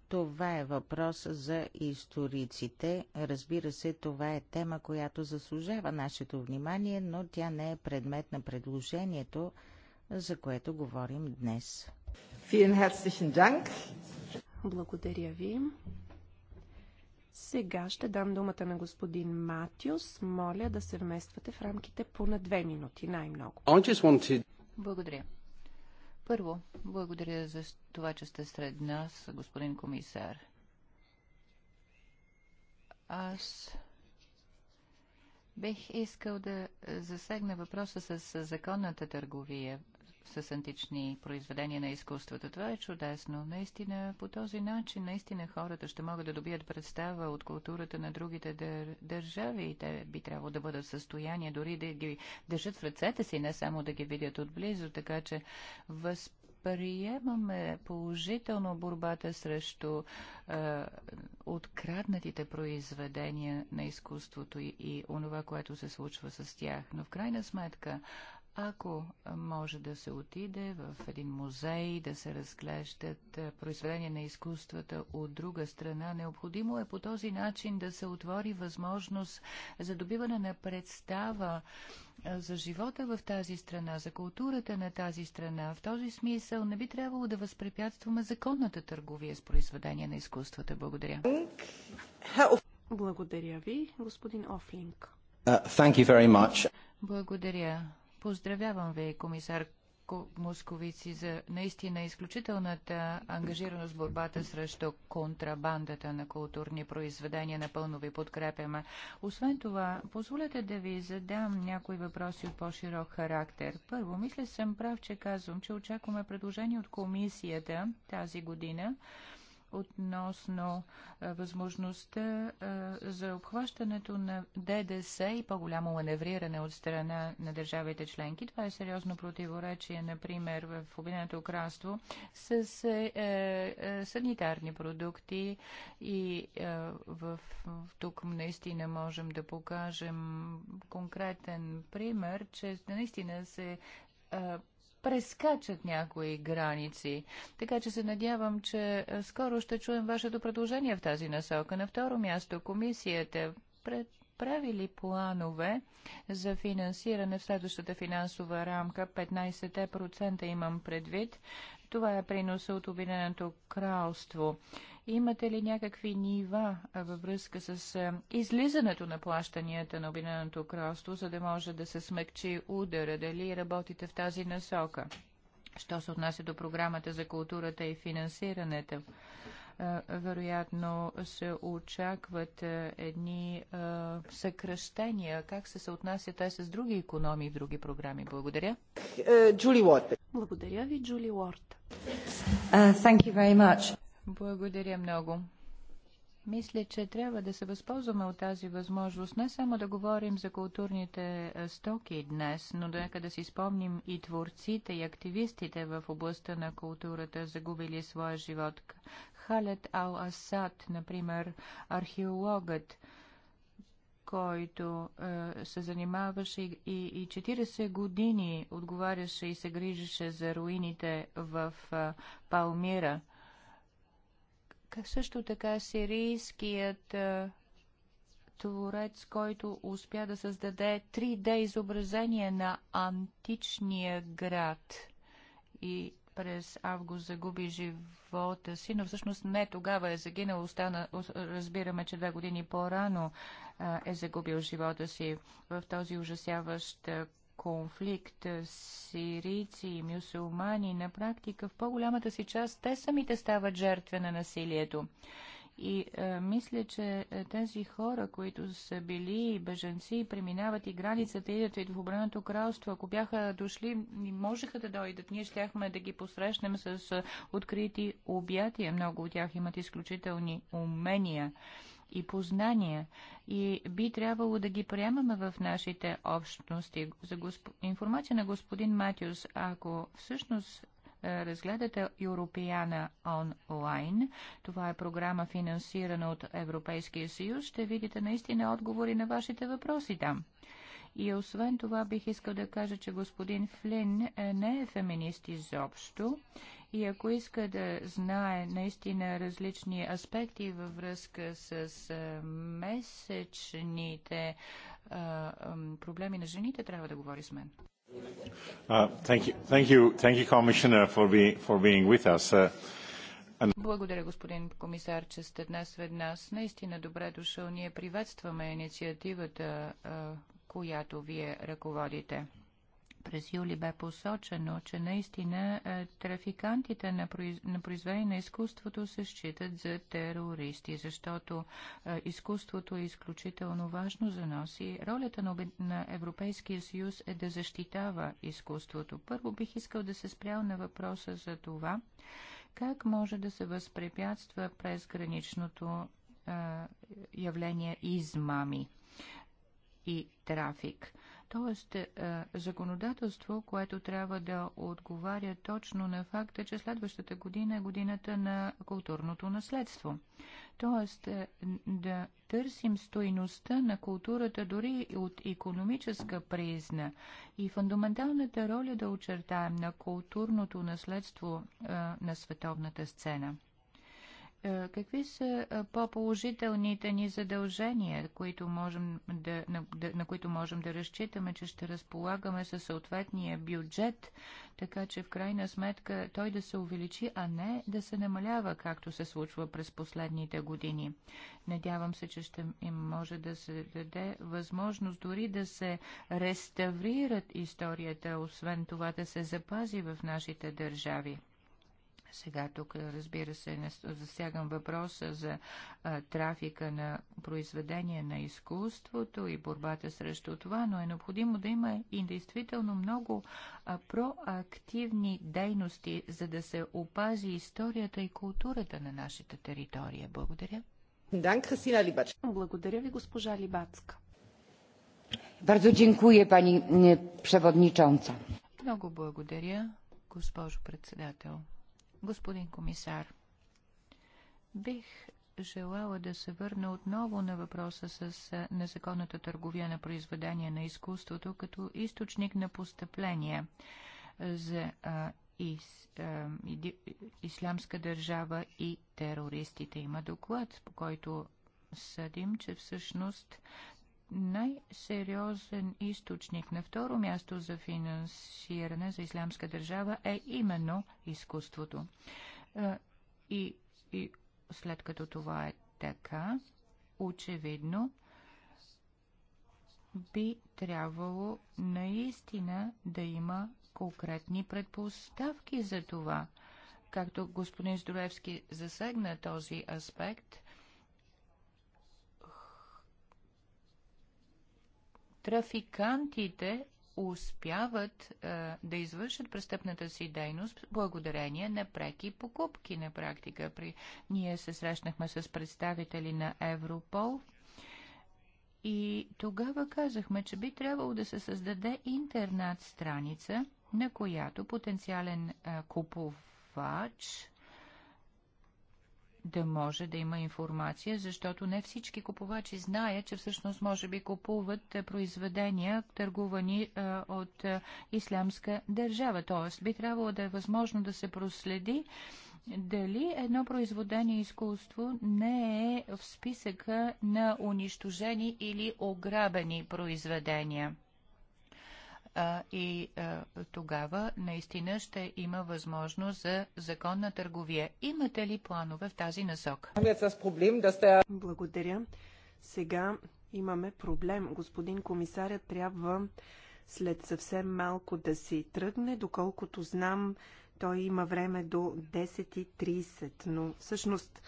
Това е въпрос за историците. Разбира се, това е тема, която заслужава нашето внимание, но тя не е предмет на предложението, за което говорим днес. Благодаря ви. Сега ще дам думата на господин Матиус. Моля да се вмествате в рамките по на две минути най-много. Wanted... Благодаря. Първо, благодаря за това, че сте сред нас, господин комисар. Аз бих искал да засегна въпроса с законната търговия с антични произведения на изкуството. Това е чудесно. Наистина, по този начин, наистина хората ще могат да добият представа от културата на другите дър... държави и те би трябвало да бъдат в състояние дори да ги държат в ръцете си, не само да ги видят отблизо, така че възприемаме положително борбата срещу е, откраднатите произведения на изкуството и, и онова, което се случва с тях. Но в крайна сметка, ако може да се отиде в един музей, да се разглеждат произведения на изкуствата от друга страна, необходимо е по този начин да се отвори възможност за добиване на представа за живота в тази страна, за културата на тази страна. В този смисъл не би трябвало да възпрепятстваме законната търговия с произведения на изкуствата. Благодаря. Благодаря ви, господин Офлинг. Uh, Благодаря. Поздравявам ви, комисар Московици, за наистина изключителната ангажираност в борбата срещу контрабандата на културни произведения. Напълно ви подкрепяме. Освен това, позволете да ви задам някои въпроси от по-широк характер. Първо, мисля съм прав, че казвам, че очакваме предложение от комисията тази година относно а, възможността а, за обхващането на ДДС и по-голямо маневриране от страна на държавите членки. Това е сериозно противоречие, например, в Обединеното кралство с е, е, е, санитарни продукти и в, в, тук наистина можем да покажем конкретен пример, че наистина се прескачат някои граници. Така че се надявам, че е, скоро ще чуем вашето предложение в тази насока. На второ място комисията пред правили планове за финансиране в следващата финансова рамка, 15% имам предвид. Това е приноса от Обединеното кралство. Имате ли някакви нива във връзка с излизането на плащанията на Обединеното кралство, за да може да се смекчи удара? Дали работите в тази насока? Що се отнася до програмата за културата и финансирането? вероятно се очакват едни съкръщения. Как се съотнася те с други економии, други програми? Благодаря. Е, Джули Уорд. Благодаря ви, Джули Уорд. Uh, благодаря много. Мисля, че трябва да се възползваме от тази възможност не само да говорим за културните е, стоки днес, но нека да си спомним и творците и активистите в областта на културата, загубили своя живот. Халет Ал-Асад, например, археологът, който е, се занимаваше и, и 40 години отговаряше и се грижеше за руините в е, Палмира – също така сирийският творец, който успя да създаде 3D изображение на античния град и през август загуби живота си, но всъщност не тогава е загинал, остана, разбираме, че две години по-рано е загубил живота си в този ужасяващ конфликт е, сирийци и мюсулмани, на практика в по-голямата си част те самите стават жертви на насилието. И е, мисля, че е, тези хора, които са били бежанци, преминават и границата, идват и в обраното кралство, ако бяха дошли, можеха да дойдат. Ние щяхме да ги посрещнем с е, открити обятия. Много от тях имат изключителни умения и познания и би трябвало да ги приемаме в нашите общности. За госп... информация на господин Матиус, ако всъщност е, разгледате Европеяна онлайн. Това е програма финансирана от Европейския съюз. Ще видите наистина отговори на вашите въпроси там. И освен това бих искал да кажа, че господин Флин е, не е феминист изобщо и ако иска да знае наистина различни аспекти във връзка с месечните проблеми на жените, трябва да говори с мен. Uh, благодаря, господин комисар, че сте днес в нас. Наистина добре дошъл. Ние приветстваме инициативата, която вие ръководите. През юли бе посочено, че наистина е, трафикантите на, произ... на произведение на изкуството се считат за терористи, защото е, изкуството е изключително важно за нас и ролята на, на Европейския съюз е да защитава изкуството. Първо бих искал да се спрял на въпроса за това, как може да се възпрепятства през граничното е, явление измами и трафик. Тоест, е, е, законодателство, което трябва да отговаря точно на факта, че следващата година е годината на културното наследство. Тоест, е, да търсим стойността на културата дори от економическа призна и фундаменталната роля да очертаем на културното наследство на световната сцена. Е, какви са е, по-положителните ни задължения, които можем да, на, да, на които можем да разчитаме, че ще разполагаме със съответния бюджет, така че в крайна сметка той да се увеличи, а не да се намалява, както се случва през последните години? Надявам се, че ще им може да се даде възможност дори да се реставрират историята, освен това да се запази в нашите държави. Сега тук, разбира се, не засягам въпроса за а, трафика на произведения на изкуството и борбата срещу това, но е необходимо да има и действително много а, проактивни дейности, за да се опази историята и културата на нашата територия. Благодаря. Благодаря ви, госпожа Либацка. Bardzo dziękuję pani e, przewodnicząca. Много благодаря, госпожо председател. Господин комисар, бих желала да се върна отново на въпроса с незаконната търговия на произведения на изкуството като източник на постъпления за а, из, а, иди, ислямска държава и терористите. Има доклад, по който съдим, че всъщност най-сериозен източник на второ място за финансиране за ислямска държава е именно изкуството. Е, и, и след като това е така, очевидно би трябвало наистина да има конкретни предпоставки за това. Както господин Здоровски засегна този аспект – Трафикантите успяват е, да извършат престъпната си дейност благодарение на преки покупки на практика. При... Ние се срещнахме с представители на Европол и тогава казахме, че би трябвало да се създаде интернат страница, на която потенциален е, купувач да може да има информация, защото не всички купувачи знаят, че всъщност може би купуват е, произведения, търгувани а, е, от а, е, ислямска държава. Тоест би трябвало да е възможно да се проследи дали едно произведение изкуство не е в списъка на унищожени или ограбени произведения и тогава наистина ще има възможност за законна търговия. Имате ли планове в тази насок? Благодаря. Сега имаме проблем. Господин комисарят трябва след съвсем малко да си тръгне. Доколкото знам, той има време до 10.30, но всъщност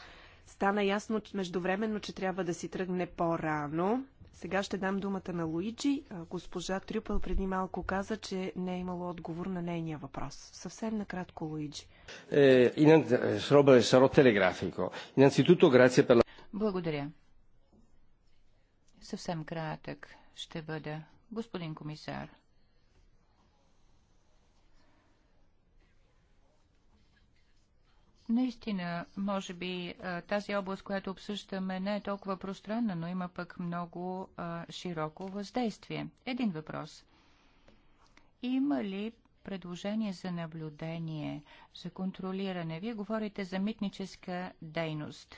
стана ясно междувременно, че трябва да си тръгне по-рано. Сега ще дам думата на Луиджи. Госпожа Трюпел преди малко каза, че не е имало отговор на нейния въпрос. Съвсем накратко, Луиджи. Е, е, е Благодаря. Съвсем кратък ще бъда, господин комисар. Наистина, може би тази област, която обсъждаме, не е толкова пространна, но има пък много широко въздействие. Един въпрос. Има ли предложение за наблюдение, за контролиране? Вие говорите за митническа дейност.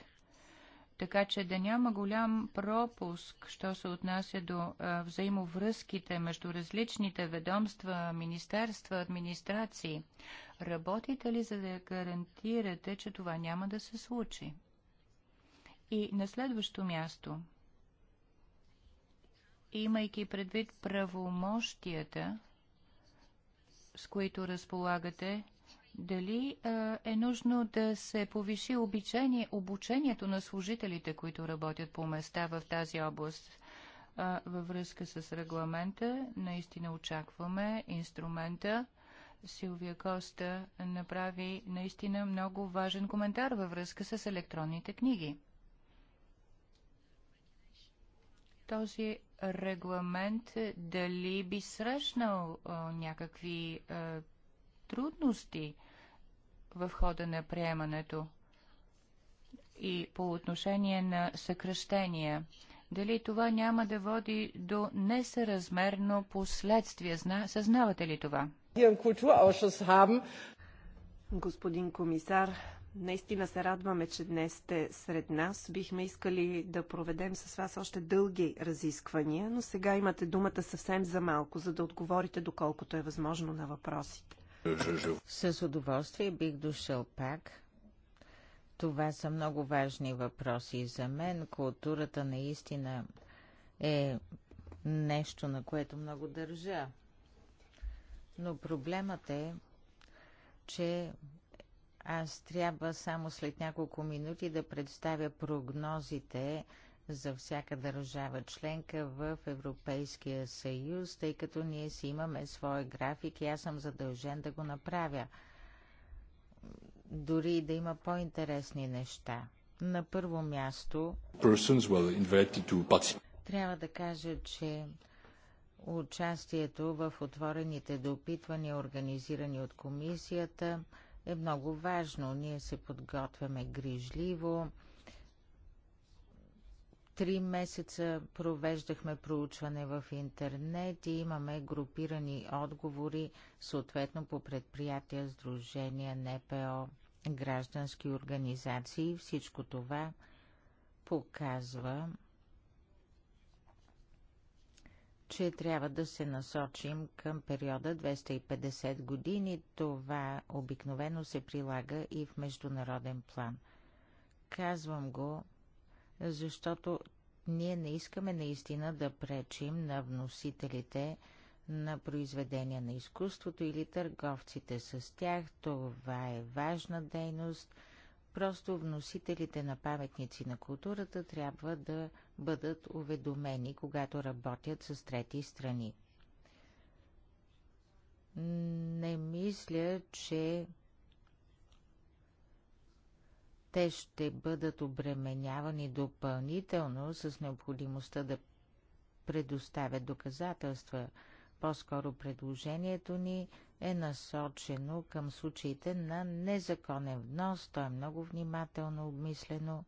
Така че да няма голям пропуск, що се отнася до а, взаимовръзките между различните ведомства, министерства, администрации. Работите ли за да гарантирате, че това няма да се случи? И на следващо място, имайки предвид правомощията, с които разполагате, дали а, е нужно да се повиши обичение, обучението на служителите, които работят по места в тази област? А, във връзка с регламента, наистина очакваме инструмента Силвия Коста направи наистина много важен коментар във връзка с електронните книги. Този регламент е, дали би срещнал а, е, някакви а, е, трудности в хода на приемането и по отношение на съкръщения? дали това няма да води до несъразмерно последствие. Съзнавате ли това? hier im Kulturausschuss haben. Господин комисар, наистина се радваме, че днес сте сред нас. Бихме искали да проведем с вас още дълги разисквания, но сега имате думата съвсем за малко, за да отговорите доколкото е възможно на въпросите. С удоволствие бих дошъл пак. Това са много важни въпроси за мен. Културата наистина е нещо, на което много държа. Но проблемът е, че аз трябва само след няколко минути да представя прогнозите за всяка държава членка в Европейския съюз, тъй като ние си имаме своя график и аз съм задължен да го направя. Дори да има по-интересни неща. На първо място трябва да кажа, че Участието в отворените допитвания, организирани от комисията, е много важно. Ние се подготвяме грижливо. Три месеца провеждахме проучване в интернет и имаме групирани отговори, съответно по предприятия, сдружения, НПО, граждански организации. Всичко това показва, че трябва да се насочим към периода 250 години. Това обикновено се прилага и в международен план. Казвам го, защото ние не искаме наистина да пречим на вносителите на произведения на изкуството или търговците с тях. Това е важна дейност – Просто вносителите на паметници на културата трябва да бъдат уведомени, когато работят с трети страни. Не мисля, че те ще бъдат обременявани допълнително с необходимостта да предоставят доказателства. По-скоро предложението ни е насочено към случаите на незаконен внос. То е много внимателно обмислено.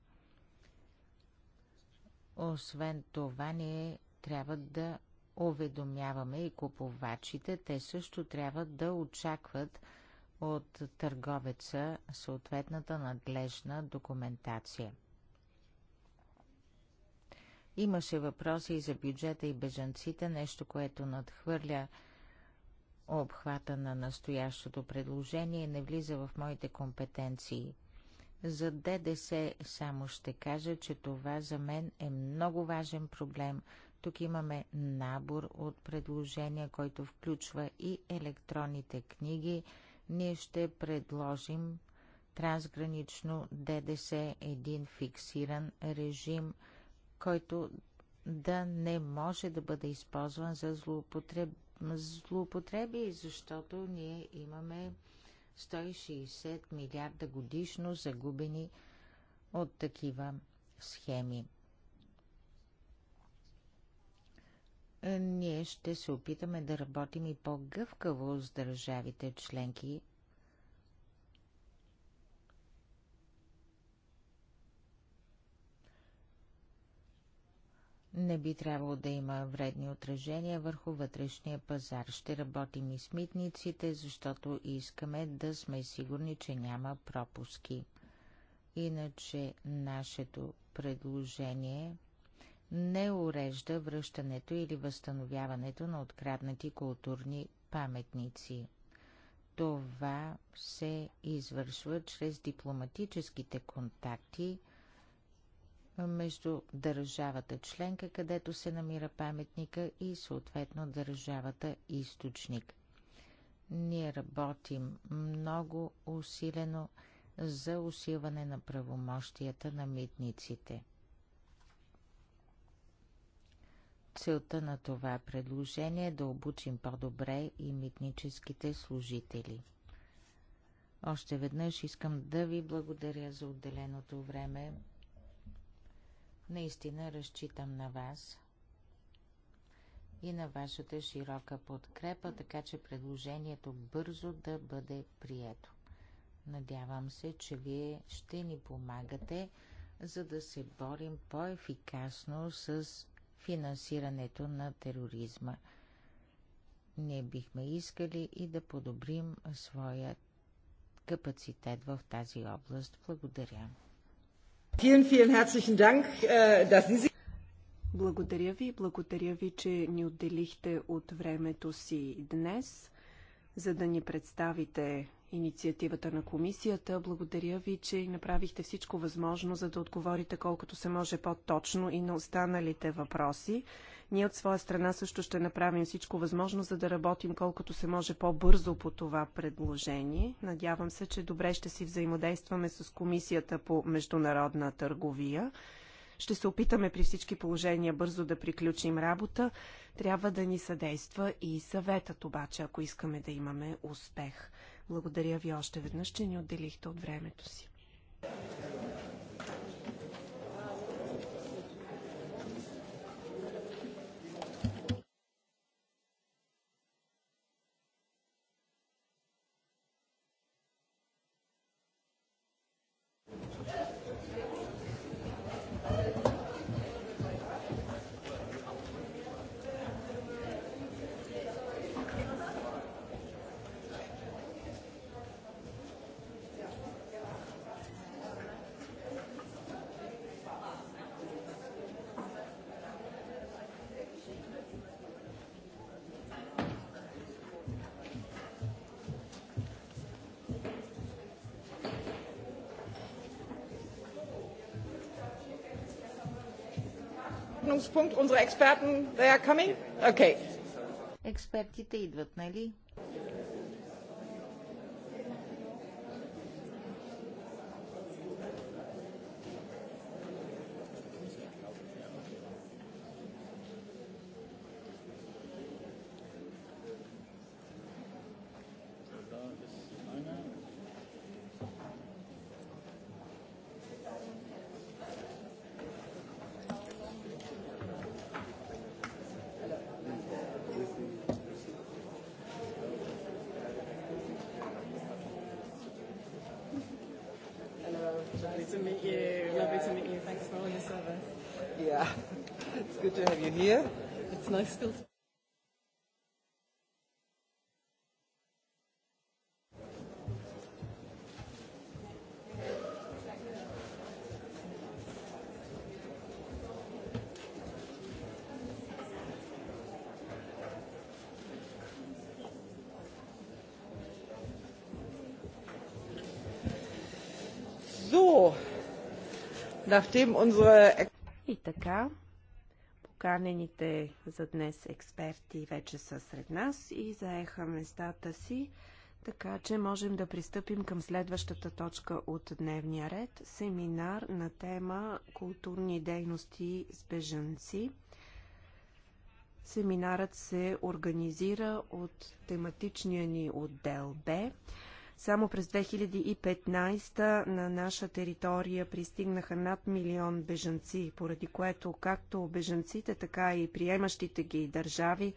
Освен това, ние трябва да уведомяваме и купувачите. Те също трябва да очакват от търговеца съответната надлежна документация. Имаше въпроси и за бюджета и бежанците, нещо, което надхвърля Обхвата на настоящото предложение не влиза в моите компетенции. За ДДС само ще кажа, че това за мен е много важен проблем. Тук имаме набор от предложения, който включва и електронните книги. Ние ще предложим трансгранично ДДС един фиксиран режим, който да не може да бъде използван за злоупотреби злоупотреби, защото ние имаме 160 милиарда годишно загубени от такива схеми. Е, ние ще се опитаме да работим и по-гъвкаво с държавите членки не би трябвало да има вредни отражения върху вътрешния пазар. Ще работим и с митниците, защото искаме да сме сигурни, че няма пропуски. Иначе нашето предложение не урежда връщането или възстановяването на откраднати културни паметници. Това се извършва чрез дипломатическите контакти – между държавата членка, където се намира паметника и съответно държавата източник. Ние работим много усилено за усилване на правомощията на митниците. Целта на това предложение е да обучим по-добре и митническите служители. Още веднъж искам да ви благодаря за отделеното време. Наистина разчитам на вас и на вашата широка подкрепа, така че предложението бързо да бъде прието. Надявам се, че вие ще ни помагате, за да се борим по-ефикасно с финансирането на тероризма. Ние бихме искали и да подобрим своя капацитет в тази област. Благодаря. Äh, благодаря ви, благодаря ви, че ни отделихте от времето си днес, за да ни представите инициативата на комисията. Благодаря ви, че направихте всичко възможно, за да отговорите колкото се може по-точно и на останалите въпроси. Ние от своя страна също ще направим всичко възможно, за да работим колкото се може по-бързо по това предложение. Надявам се, че добре ще си взаимодействаме с Комисията по международна търговия. Ще се опитаме при всички положения бързо да приключим работа. Трябва да ни съдейства и съветът обаче, ако искаме да имаме успех. Благодаря ви още веднъж, че ни отделихте от времето си. Tagesordnungspunkt. Unsere Experten, they are coming? Okay. Експертите идват, нали? Lovely to meet you. Yeah. Lovely to meet you. Thanks for all your service. Yeah. It's good to have you here. It's nice still to И така, поканените за днес експерти вече са сред нас и заеха местата си, така че можем да пристъпим към следващата точка от дневния ред – семинар на тема «Културни дейности с бежанци». Семинарът се организира от тематичния ни отдел Б – само през 2015 на наша територия пристигнаха над милион бежанци, поради което както бежанците, така и приемащите ги държави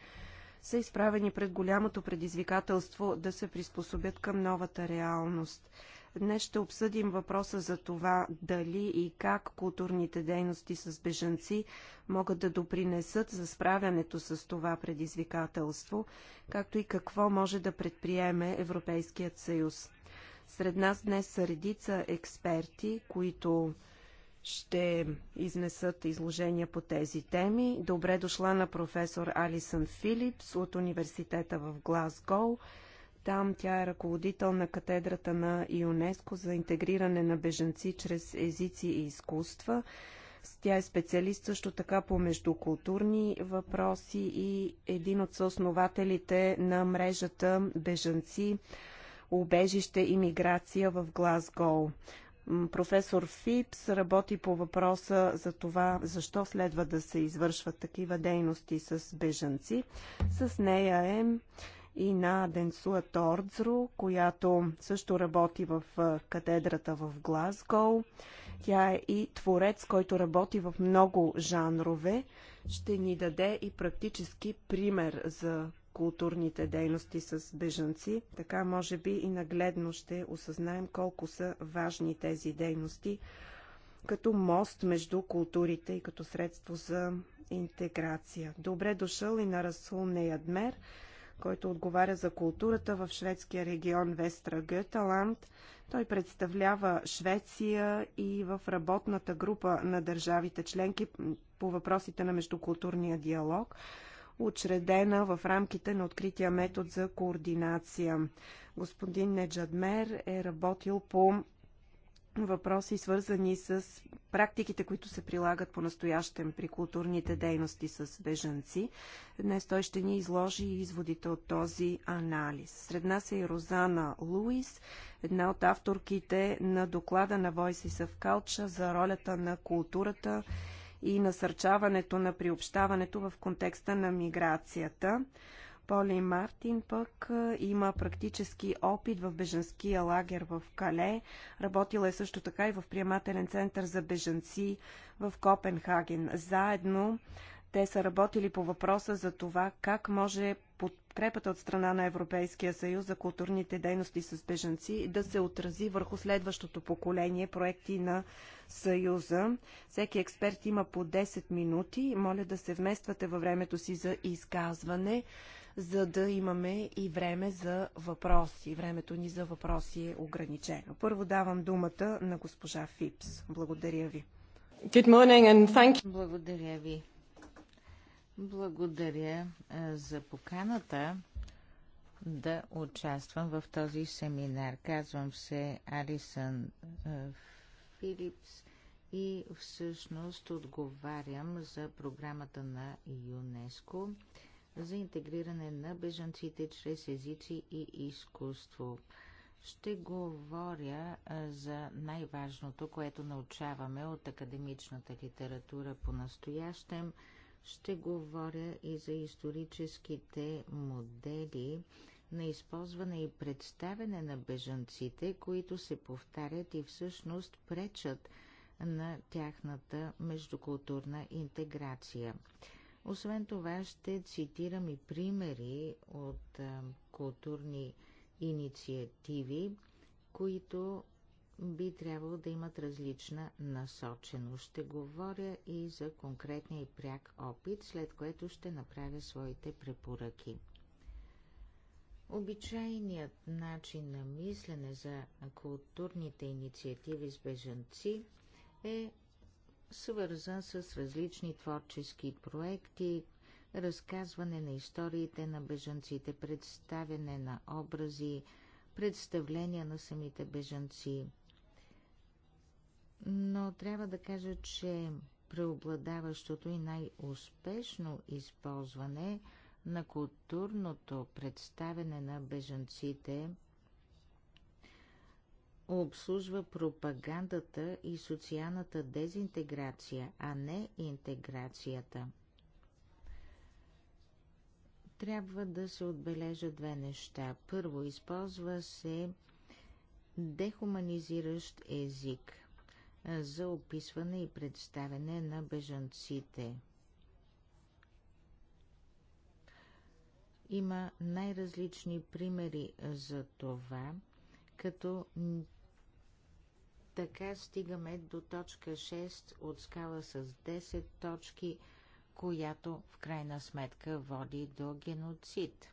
са изправени пред голямото предизвикателство да се приспособят към новата реалност – Днес ще обсъдим въпроса за това дали и как културните дейности с бежанци могат да допринесат за справянето с това предизвикателство, както и какво може да предприеме Европейският съюз. Сред нас днес са редица експерти, които ще изнесат изложения по тези теми. Добре дошла на професор Алисън Филипс от университета в Глазгоу, там тя е ръководител на катедрата на ЮНЕСКО за интегриране на бежанци чрез езици и изкуства. Тя е специалист също така по междукултурни въпроси и един от съоснователите на мрежата Бежанци, убежище и миграция в Глазгол. Професор Фипс работи по въпроса за това, защо следва да се извършват такива дейности с бежанци. С нея е и на Денсуа Тордзру, която също работи в катедрата в Глазгоу. Тя е и творец, който работи в много жанрове. Ще ни даде и практически пример за културните дейности с бежанци. Така, може би, и нагледно ще осъзнаем колко са важни тези дейности като мост между културите и като средство за интеграция. Добре дошъл и на Расул Неядмер който отговаря за културата в шведския регион Вестра Гъталанд. Той представлява Швеция и в работната група на държавите членки по въпросите на междукултурния диалог учредена в рамките на открития метод за координация. Господин Неджадмер е работил по въпроси, свързани с практиките, които се прилагат по-настоящем при културните дейности с бежанци. Днес той ще ни изложи изводите от този анализ. Сред нас е и Розана Луис, една от авторките на доклада на Voices of Culture за ролята на културата и насърчаването на приобщаването в контекста на миграцията. Поли Мартин пък има практически опит в беженския лагер в Кале. Работила е също така и в приемателен център за беженци в Копенхаген. Заедно те са работили по въпроса за това как може подкрепата от страна на Европейския съюз за културните дейности с бежанци да се отрази върху следващото поколение проекти на Съюза. Всеки експерт има по 10 минути. Моля да се вмествате във времето си за изказване за да имаме и време за въпроси. Времето ни за въпроси е ограничено. Първо давам думата на госпожа Фипс. Благодаря ви. Good morning and thank you. Благодаря ви. Благодаря е, за поканата да участвам в този семинар. Казвам се Алисън е, Филипс и всъщност отговарям за програмата на ЮНЕСКО за интегриране на бежанците чрез езици и изкуство. Ще говоря за най-важното, което научаваме от академичната литература по настоящем. Ще говоря и за историческите модели на използване и представяне на бежанците, които се повтарят и всъщност пречат на тяхната междукултурна интеграция. Освен това ще цитирам и примери от културни инициативи, които би трябвало да имат различна насоченост. Ще говоря и за конкретния и пряк опит, след което ще направя своите препоръки. Обичайният начин на мислене за културните инициативи с бежанци е свързан с различни творчески проекти, разказване на историите на бежанците, представяне на образи, представления на самите бежанци. Но трябва да кажа, че преобладаващото и най-успешно използване на културното представяне на бежанците – обслужва пропагандата и социалната дезинтеграция, а не интеграцията. Трябва да се отбележат две неща. Първо, използва се дехуманизиращ език за описване и представяне на бежанците. Има най-различни примери за това, като така стигаме до точка 6 от скала с 10 точки, която в крайна сметка води до геноцид.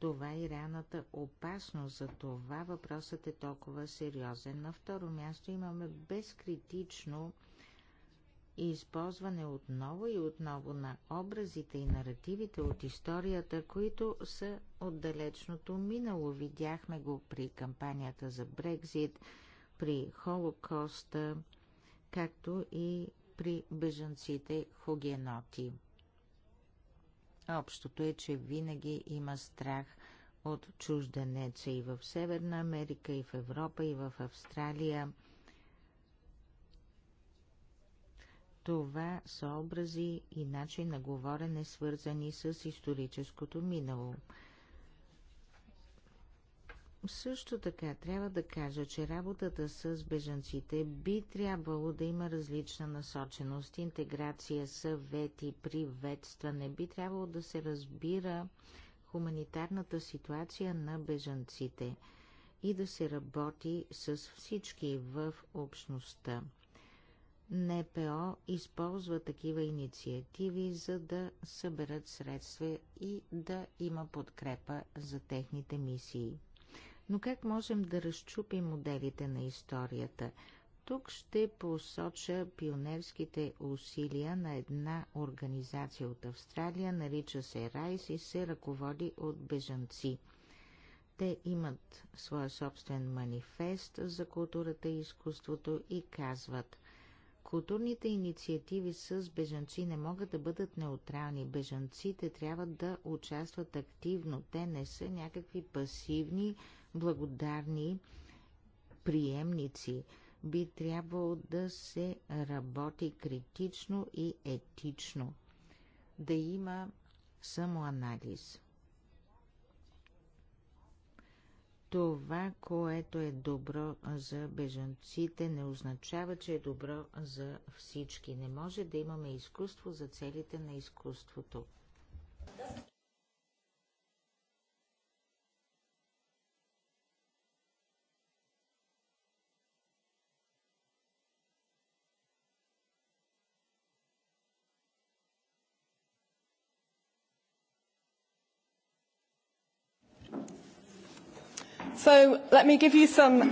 Това е реалната опасност, за това въпросът е толкова сериозен. На второ място имаме безкритично използване отново и отново на образите и наративите от историята, които са от далечното минало. Видяхме го при кампанията за Брекзит – при Холокоста, както и при бежанците хугеноти. Общото е, че винаги има страх от чужденеца и в Северна Америка, и в Европа, и в Австралия. Това са образи и начин на говорене, свързани с историческото минало – също така трябва да кажа, че работата с бежанците би трябвало да има различна насоченост, интеграция, съвети, приветстване. Би трябвало да се разбира хуманитарната ситуация на бежанците и да се работи с всички в общността. НПО използва такива инициативи, за да съберат средства и да има подкрепа за техните мисии. Но как можем да разчупим моделите на историята? Тук ще посоча пионерските усилия на една организация от Австралия, нарича се Райс и се ръководи от бежанци. Те имат своя собствен манифест за културата и изкуството и казват Културните инициативи с бежанци не могат да бъдат неутрални. Бежанците трябва да участват активно. Те не са някакви пасивни, благодарни приемници. Би трябвало да се работи критично и етично, да има самоанализ. Това, което е добро за бежанците, не означава, че е добро за всички. Не може да имаме изкуство за целите на изкуството. So let me give you some...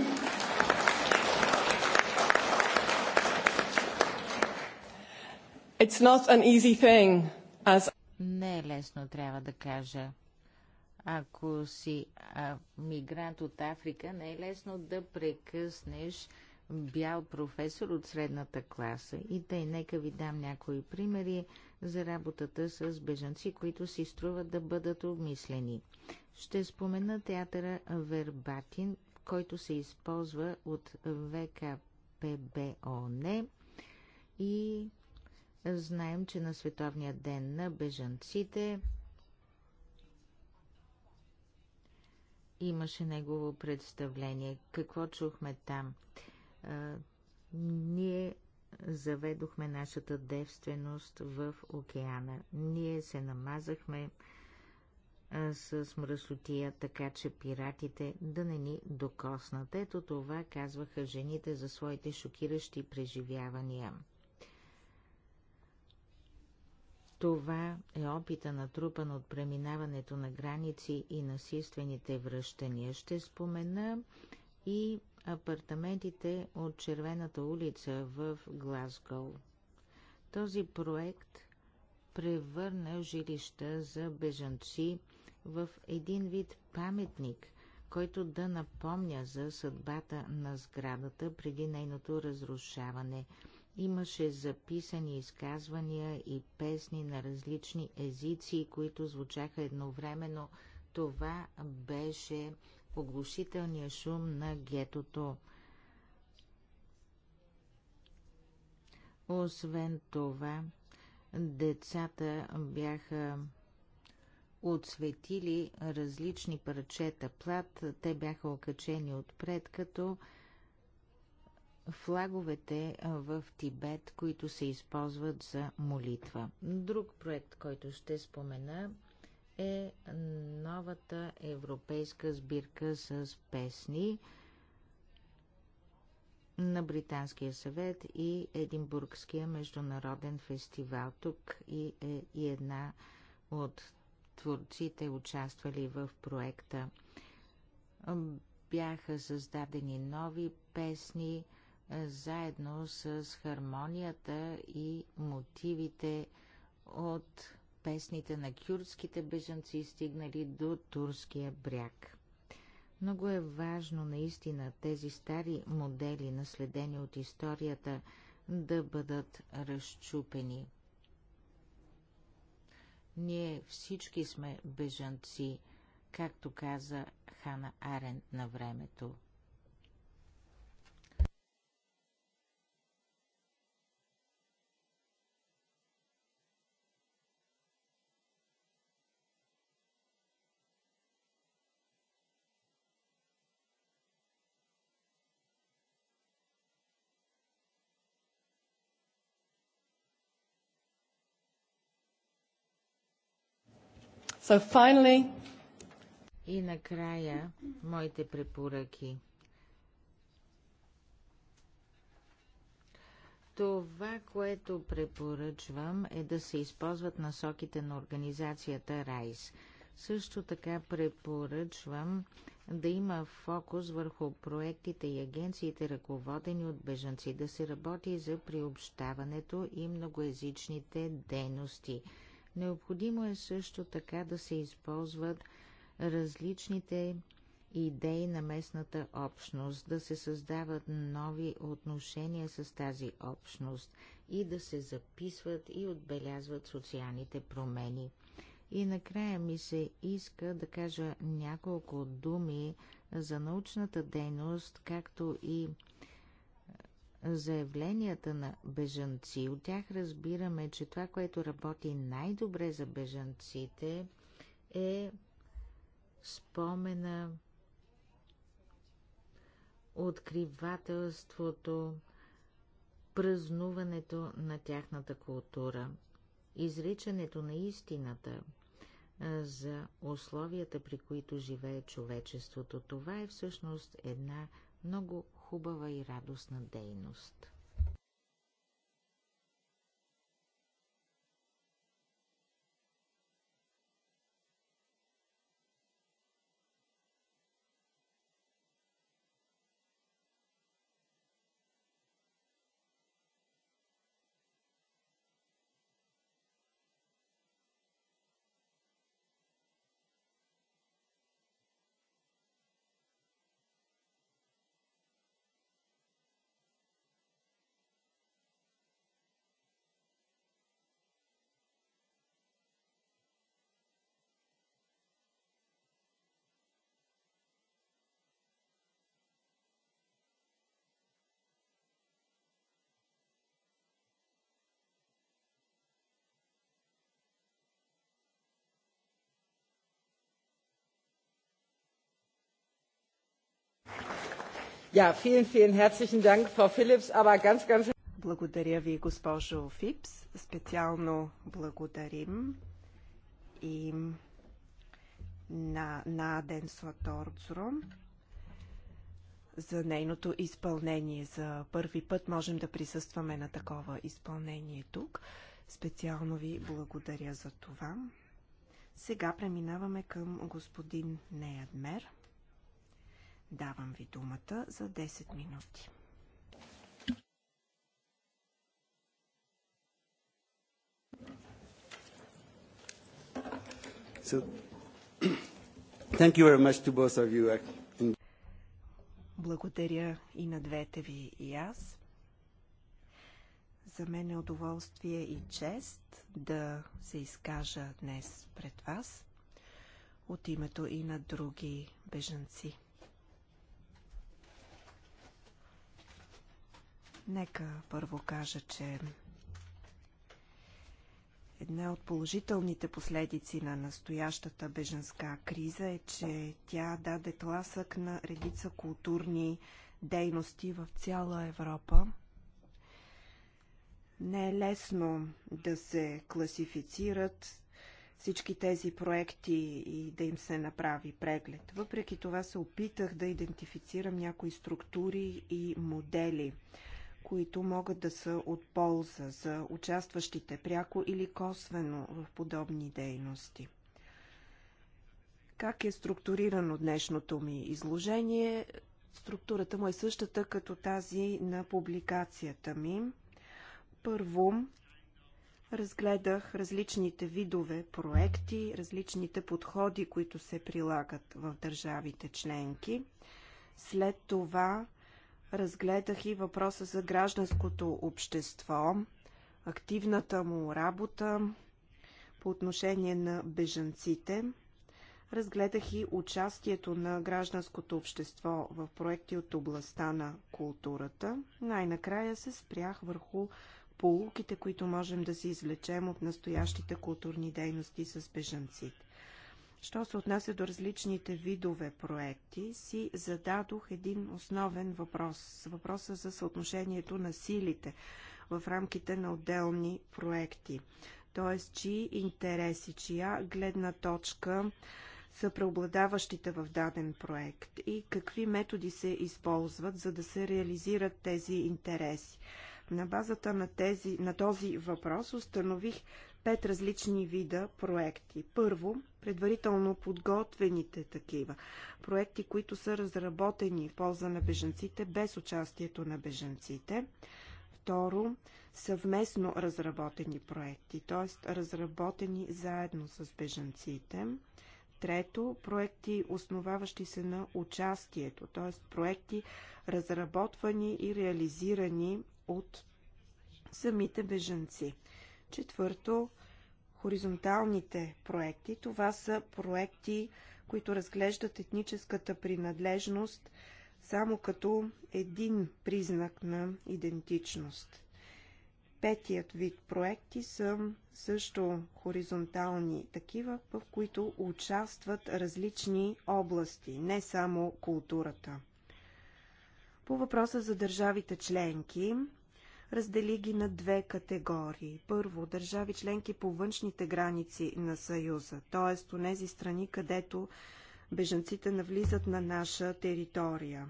It's not an easy thing, as... Не е лесно, трябва да кажа. Ако си а, мигрант от Африка, не е лесно да прекъснеш бял професор от средната класа. И тъй нека ви дам някои примери за работата с бежанци, които си струват да бъдат обмислени. Ще спомена театъра Вербатин, който се използва от ВКПБОН и знаем, че на Световния ден на бежанците имаше негово представление. Какво чухме там? А, ние заведохме нашата девственост в океана. Ние се намазахме с мръсотия, така че пиратите да не ни докоснат. Ето това казваха жените за своите шокиращи преживявания. Това е опита натрупан от преминаването на граници и насилствените връщания. Ще спомена и апартаментите от Червената улица в Глазгол. Този проект превърна жилища за бежанци в един вид паметник, който да напомня за съдбата на сградата преди нейното разрушаване. Имаше записани изказвания и песни на различни езици, които звучаха едновременно. Това беше оглушителния шум на гетото. Освен това, децата бяха отсветили различни парчета плат. Те бяха окачени отпред, като флаговете в Тибет, които се използват за молитва. Друг проект, който ще спомена, е новата европейска сбирка с песни на Британския съвет и Единбургския международен фестивал. Тук и, е, и една от творците, участвали в проекта. Бяха създадени нови песни, заедно с хармонията и мотивите от песните на кюрдските бежанци, стигнали до турския бряг. Много е важно наистина тези стари модели, наследени от историята, да бъдат разчупени. Ние всички сме бежанци, както каза Хана Арен на времето. So finally... И накрая моите препоръки. Това, което препоръчвам е да се използват насоките на организацията РАЙС. Също така препоръчвам да има фокус върху проектите и агенциите, ръководени от бежанци, да се работи за приобщаването и многоязичните дейности – Необходимо е също така да се използват различните идеи на местната общност, да се създават нови отношения с тази общност и да се записват и отбелязват социалните промени. И накрая ми се иска да кажа няколко думи за научната дейност, както и заявленията на бежанци. От тях разбираме, че това, което работи най-добре за бежанците е спомена, откривателството, празнуването на тяхната култура, изричането на истината за условията, при които живее човечеството. Това е всъщност една много хубава и радостна дейност. Ja, vielen, vielen herzlichen Dank, Frau Philips, aber ganz, ganz... Благодаря ви, госпожо Фипс. Специално благодарим и на Наден Слаторцро за нейното изпълнение. За първи път можем да присъстваме на такова изпълнение тук. Специално ви благодаря за това. Сега преминаваме към господин Неядмер. Давам ви думата за 10 минути. So, thank you very much to both of you. Благодаря и на двете ви и аз. За мен е удоволствие и чест да се изкажа днес пред вас от името и на други бежанци. Нека първо кажа, че една от положителните последици на настоящата беженска криза е, че тя даде тласък на редица културни дейности в цяла Европа. Не е лесно да се класифицират всички тези проекти и да им се направи преглед. Въпреки това се опитах да идентифицирам някои структури и модели – които могат да са от полза за участващите пряко или косвено в подобни дейности. Как е структурирано днешното ми изложение? Структурата му е същата като тази на публикацията ми. Първо, разгледах различните видове проекти, различните подходи, които се прилагат в държавите членки. След това Разгледах и въпроса за гражданското общество, активната му работа по отношение на бежанците. Разгледах и участието на гражданското общество в проекти от областта на културата. Най-накрая се спрях върху полуките, които можем да си извлечем от настоящите културни дейности с бежанците. Що се отнася до различните видове проекти, си зададох един основен въпрос. Въпроса за съотношението на силите в рамките на отделни проекти. Тоест, чии интереси, чия гледна точка са преобладаващите в даден проект и какви методи се използват, за да се реализират тези интереси. На базата на, тези, на този въпрос установих пет различни вида проекти. Първо, предварително подготвените такива. Проекти, които са разработени в полза на бежанците без участието на бежанците. Второ, съвместно разработени проекти, т.е. разработени заедно с бежанците. Трето, проекти, основаващи се на участието, т.е. проекти, разработвани и реализирани от самите бежанци. Четвърто, хоризонталните проекти. Това са проекти, които разглеждат етническата принадлежност само като един признак на идентичност. Петият вид проекти са също хоризонтални такива, в които участват различни области, не само културата. По въпроса за държавите членки, Раздели ги на две категории. Първо, държави членки по външните граници на Съюза, т.е. тези страни, където бежанците навлизат на наша територия.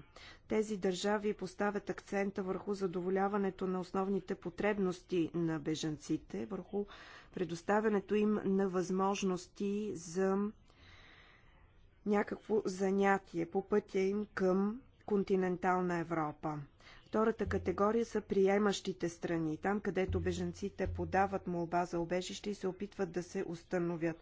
Тези държави поставят акцента върху задоволяването на основните потребности на бежанците, върху предоставянето им на възможности за някакво занятие по пътя им към континентална Европа. Втората категория са приемащите страни, там където беженците подават молба за обежище и се опитват да се установят.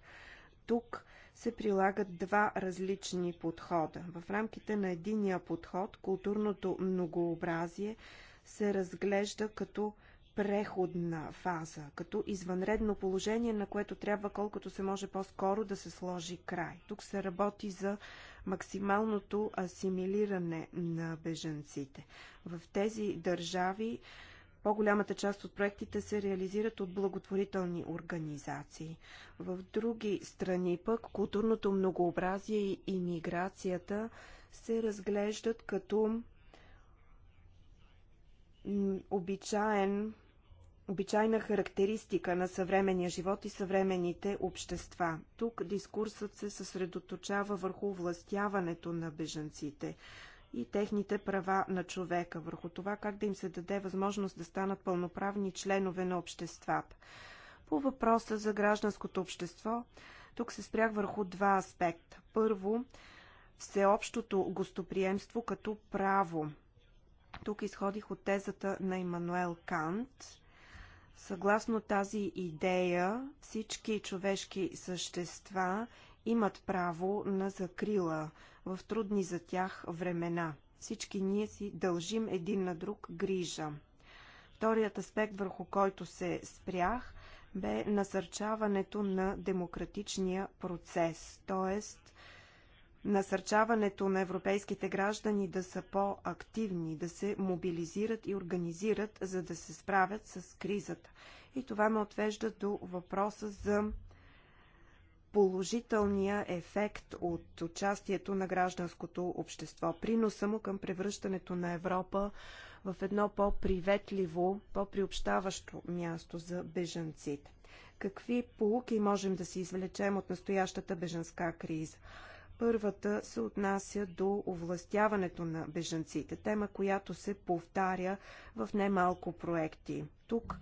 Тук се прилагат два различни подхода. В рамките на единия подход културното многообразие се разглежда като преходна фаза, като извънредно положение, на което трябва колкото се може по-скоро да се сложи край. Тук се работи за максималното асимилиране на бежанците. В тези държави по-голямата част от проектите се реализират от благотворителни организации. В други страни пък културното многообразие и имиграцията се разглеждат като обичаен обичайна характеристика на съвременния живот и съвременните общества. Тук дискурсът се съсредоточава върху властяването на бежанците и техните права на човека, върху това как да им се даде възможност да станат пълноправни членове на обществата. По въпроса за гражданското общество, тук се спрях върху два аспекта. Първо, всеобщото гостоприемство като право. Тук изходих от тезата на Имануел Кант – Съгласно тази идея, всички човешки същества имат право на закрила в трудни за тях времена. Всички ние си дължим един на друг грижа. Вторият аспект, върху който се спрях, бе насърчаването на демократичния процес, т.е насърчаването на европейските граждани да са по-активни, да се мобилизират и организират, за да се справят с кризата. И това ме отвежда до въпроса за положителния ефект от участието на гражданското общество, приноса му към превръщането на Европа в едно по-приветливо, по-приобщаващо място за бежанците. Какви полуки можем да си извлечем от настоящата бежанска криза? Първата се отнася до овластяването на бежанците, тема, която се повтаря в немалко проекти. Тук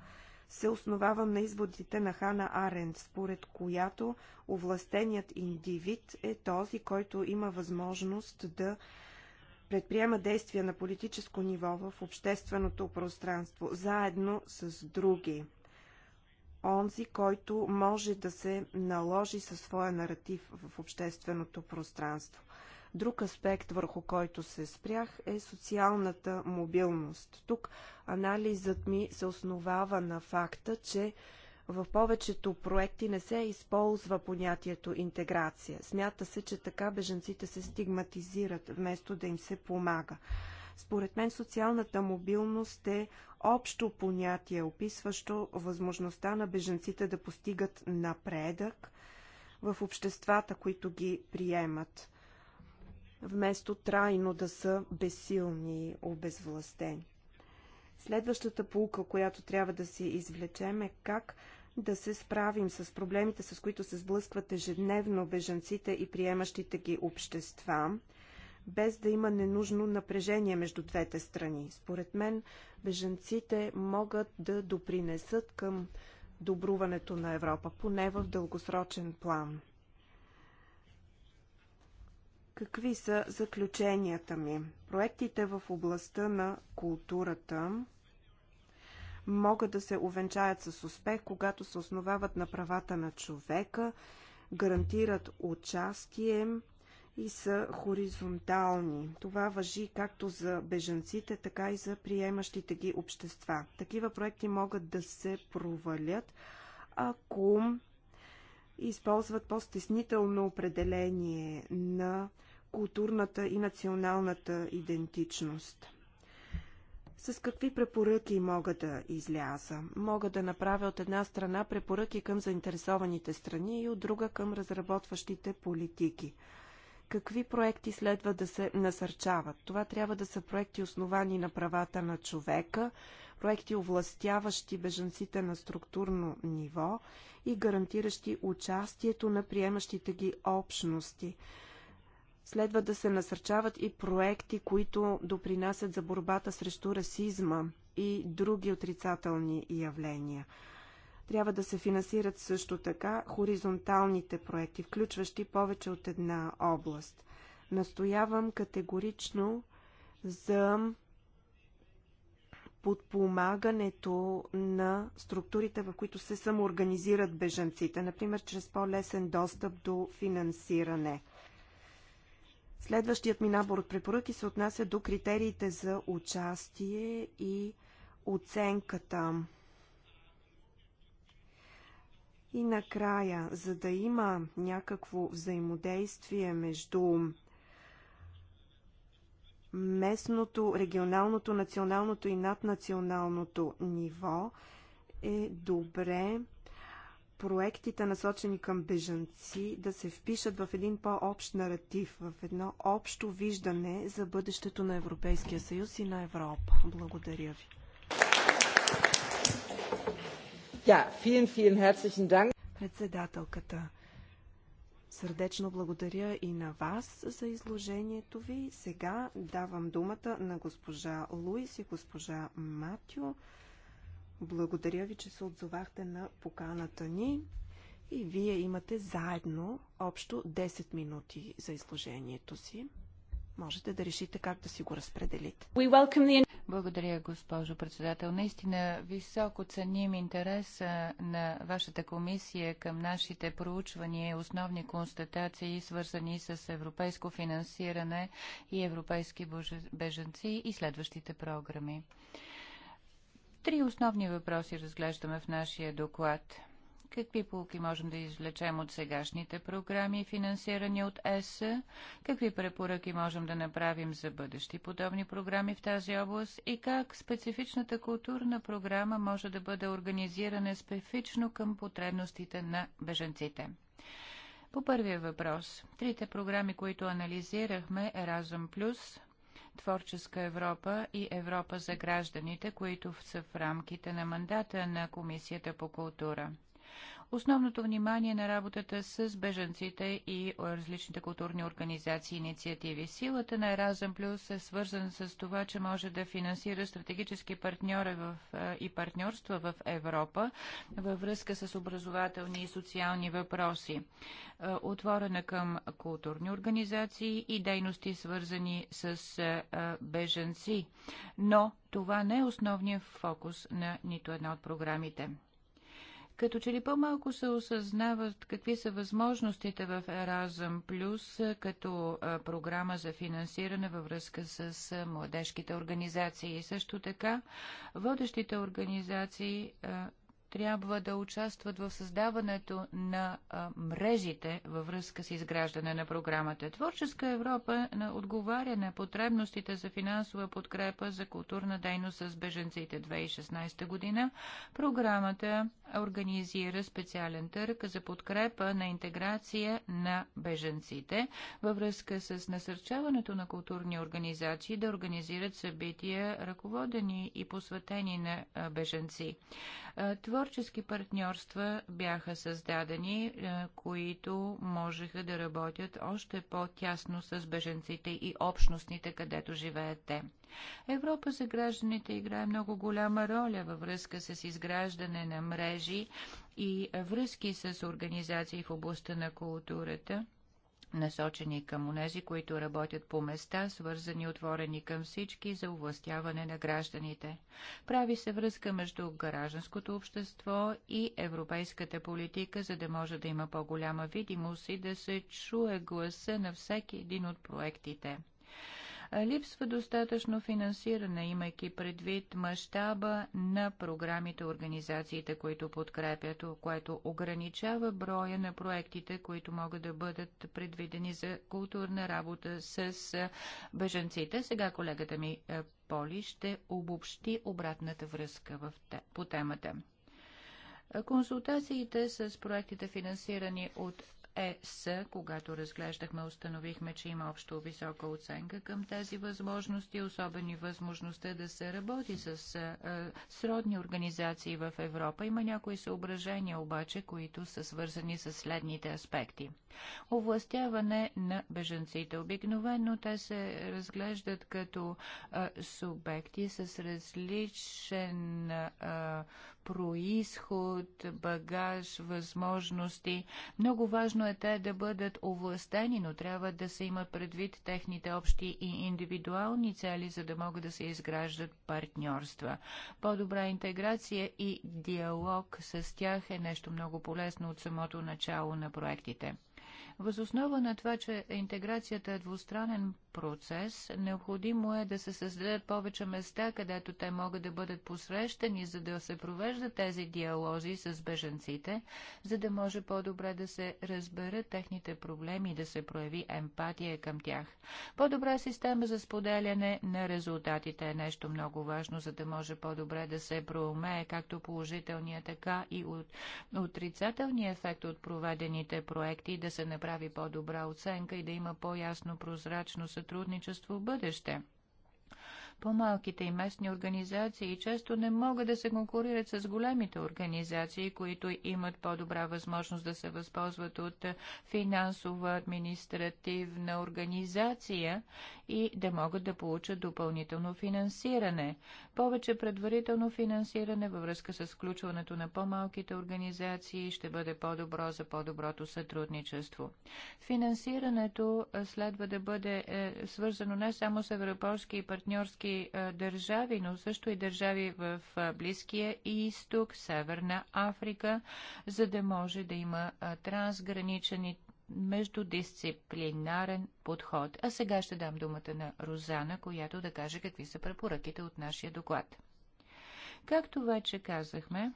се основавам на изводите на Хана Арен, според която овластеният индивид е този, който има възможност да предприема действия на политическо ниво в общественото пространство, заедно с други онзи, който може да се наложи със своя наратив в общественото пространство. Друг аспект, върху който се спрях, е социалната мобилност. Тук анализът ми се основава на факта, че в повечето проекти не се използва понятието интеграция. Смята се, че така беженците се стигматизират, вместо да им се помага. Според мен социалната мобилност е общо понятие, описващо възможността на беженците да постигат напредък в обществата, които ги приемат, вместо трайно да са безсилни и обезвластени. Следващата полука, която трябва да си извлечем е как да се справим с проблемите, с които се сблъскват ежедневно беженците и приемащите ги общества – без да има ненужно напрежение между двете страни. Според мен, бежанците могат да допринесат към добруването на Европа, поне в дългосрочен план. Какви са заключенията ми? Проектите в областта на културата могат да се увенчаят с успех, когато се основават на правата на човека, гарантират участие, и са хоризонтални. Това въжи както за бежанците, така и за приемащите ги общества. Такива проекти могат да се провалят, ако използват по-стеснително определение на културната и националната идентичност. С какви препоръки мога да изляза? Мога да направя от една страна препоръки към заинтересованите страни и от друга към разработващите политики какви проекти следва да се насърчават. Това трябва да са проекти основани на правата на човека, проекти овластяващи бежанците на структурно ниво и гарантиращи участието на приемащите ги общности. Следва да се насърчават и проекти, които допринасят за борбата срещу расизма и други отрицателни явления – трябва да се финансират също така хоризонталните проекти, включващи повече от една област. Настоявам категорично за подпомагането на структурите, в които се самоорганизират бежанците, например чрез по-лесен достъп до финансиране. Следващият ми набор от препоръки се отнася до критериите за участие и оценката. И накрая, за да има някакво взаимодействие между местното, регионалното, националното и наднационалното ниво, е добре проектите, насочени към бежанци, да се впишат в един по-общ наратив, в едно общо виждане за бъдещето на Европейския съюз и на Европа. Благодаря ви. Ja, vielen, vielen herzlichen Dank. Председателката. Сърдечно благодаря и на вас за изложението ви. Сега давам думата на госпожа Луис и госпожа Матю. Благодаря ви, че се отзовахте на поканата ни и вие имате заедно общо 10 минути за изложението си можете да решите как да си го разпределите. Благодаря, госпожо председател. Наистина високо ценим интереса на вашата комисия към нашите проучвания и основни констатации, свързани с европейско финансиране и европейски беженци и следващите програми. Три основни въпроси разглеждаме в нашия доклад – Какви полки можем да извлечем от сегашните програми, финансирани от ЕС? Какви препоръки можем да направим за бъдещи подобни програми в тази област? И как специфичната културна програма може да бъде организирана специфично към потребностите на беженците? По първия въпрос, трите програми, които анализирахме, Еразъм Плюс, Творческа Европа и Европа за гражданите, които са в рамките на мандата на Комисията по култура. Основното внимание на работата с бежанците и различните културни организации и инициативи. Силата на Еразъм Плюс е свързана с това, че може да финансира стратегически партньори в, и партньорства в Европа във връзка с образователни и социални въпроси. Отворена към културни организации и дейности свързани с бежанци. Но това не е основният фокус на нито една от програмите. Като че ли по-малко се осъзнават какви са възможностите в Еразъм Плюс като програма за финансиране във връзка с младежките организации. И също така водещите организации трябва да участват в създаването на а, мрежите във връзка с изграждане на програмата. Творческа Европа на отговаря на потребностите за финансова подкрепа за културна дейност с беженците 2016 година. Програмата организира специален търг за подкрепа на интеграция на беженците във връзка с насърчаването на културни организации да организират събития, ръководени и посветени на беженци. Твор творчески партньорства бяха създадени, е, които можеха да работят още по-тясно с беженците и общностните, където живеят те. Европа за гражданите играе много голяма роля във връзка с изграждане на мрежи и връзки с организации в областта на културата насочени към онези, които работят по места, свързани отворени към всички за овластяване на гражданите. Прави се връзка между гражданското общество и европейската политика, за да може да има по-голяма видимост и да се чуе гласа на всеки един от проектите. Липсва достатъчно финансиране, имайки предвид мащаба на програмите, организациите, които подкрепят, което ограничава броя на проектите, които могат да бъдат предвидени за културна работа с беженците. Сега колегата ми Поли ще обобщи обратната връзка в, по темата. Консултациите с проектите, финансирани от ЕС, когато разглеждахме, установихме, че има общо висока оценка към тези възможности, особени възможността да се работи с сродни организации в Европа. Има някои съображения обаче, които са свързани с следните аспекти. Овластяване на беженците. Обикновено те се разглеждат като а, субекти с различен а, происход, багаж, възможности. Много важно Важно е те да бъдат овластени, но трябва да се има предвид техните общи и индивидуални цели, за да могат да се изграждат партньорства. По-добра интеграция и диалог с тях е нещо много полезно от самото начало на проектите. Възоснова на това, че интеграцията е двустранен процес, необходимо е да се създадат повече места, където те могат да бъдат посрещани, за да се провеждат тези диалози с беженците, за да може по-добре да се разберат техните проблеми и да се прояви емпатия към тях. По-добра система за споделяне на резултатите е нещо много важно, за да може по-добре да се проумее както положителния, така и от, отрицателния ефект от проведените проекти да се направи направи по-добра оценка и да има по-ясно прозрачно сътрудничество в бъдеще. По-малките и местни организации често не могат да се конкурират с големите организации, които имат по-добра възможност да се възползват от финансова, административна организация и да могат да получат допълнително финансиране. Повече предварително финансиране във връзка с включването на по-малките организации ще бъде по-добро за по-доброто сътрудничество. Финансирането следва да бъде е, свързано не само с европейски и партньорски е, държави, но също и държави в е, Близкия изток, Северна Африка, за да може да има е, трансграничен междудисциплинарен подход. А сега ще дам думата на Розана, която да каже какви са препоръките от нашия доклад. Както вече казахме,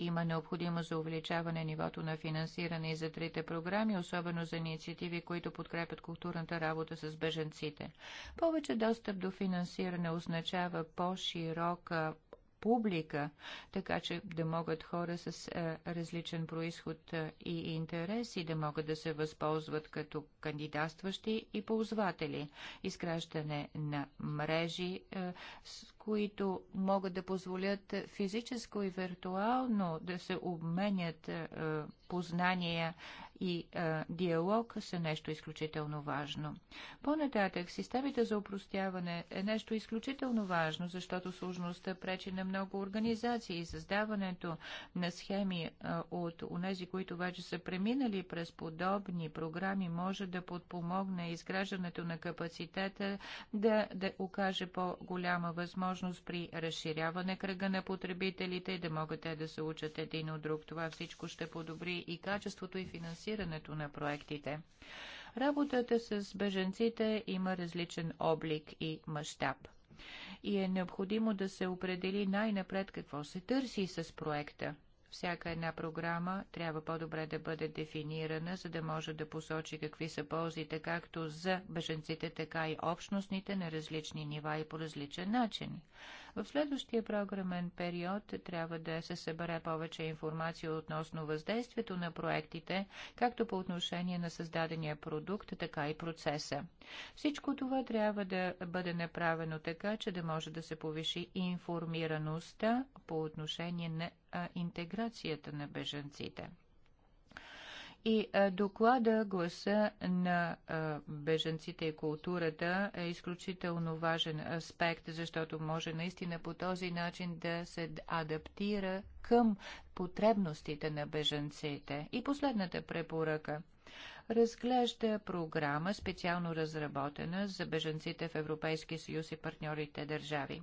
има необходимост за увеличаване нивото на финансиране и за трите програми, особено за инициативи, които подкрепят културната работа с беженците. Повече достъп до финансиране означава по-широка публика, така че да могат хора с а, е, различен происход а, е, и интереси да могат да се възползват като кандидатстващи и ползватели. Изграждане на мрежи, а, е, с които могат да позволят физическо и виртуално да се обменят познания и а, диалог са нещо изключително важно. По-нататък, системите за упростяване е нещо изключително важно, защото сложността пречи на много организации и създаването на схеми а, от унези, които вече са преминали през подобни програми, може да подпомогне изграждането на капацитета, да, да окаже по-голяма възможност при разширяване кръга на потребителите и да могат те да се учат един от друг. Това всичко ще подобри и качеството и финансирането финансирането на проектите. Работата с беженците има различен облик и мащаб. И е необходимо да се определи най-напред какво се търси с проекта. Всяка една програма трябва по-добре да бъде дефинирана, за да може да посочи какви са ползите както за беженците, така и общностните на различни нива и по различен начин. В следващия програмен период трябва да се събере повече информация относно въздействието на проектите, както по отношение на създадения продукт, така и процеса. Всичко това трябва да бъде направено така, че да може да се повиши информираността по отношение на интеграцията на бежанците. И доклада гласа на беженците и културата е изключително важен аспект, защото може наистина по този начин да се адаптира към потребностите на беженците. И последната препоръка разглежда програма, специално разработена за беженците в Европейския съюз и партньорите държави.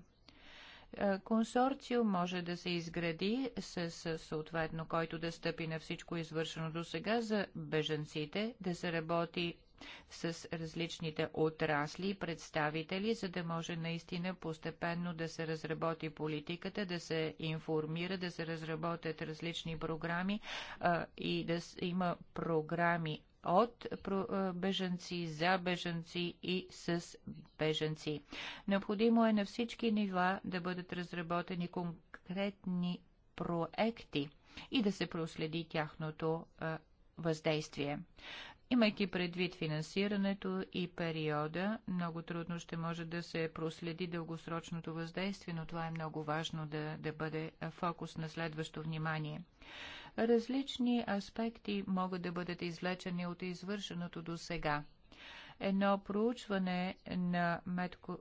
Е, консорциум може да се изгради с съответно, който да стъпи на всичко извършено до сега за беженците, да се работи с различните отрасли и представители, за да може наистина постепенно да се разработи политиката, да се информира, да се разработят различни програми а, и да има програми от бежанци, за бежанци и с бежанци. Необходимо е на всички нива да бъдат разработени конкретни проекти и да се проследи тяхното въздействие. Имайки предвид финансирането и периода, много трудно ще може да се проследи дългосрочното въздействие, но това е много важно да, да бъде фокус на следващо внимание. Различни аспекти могат да бъдат извлечени от извършеното до сега. Едно проучване на метко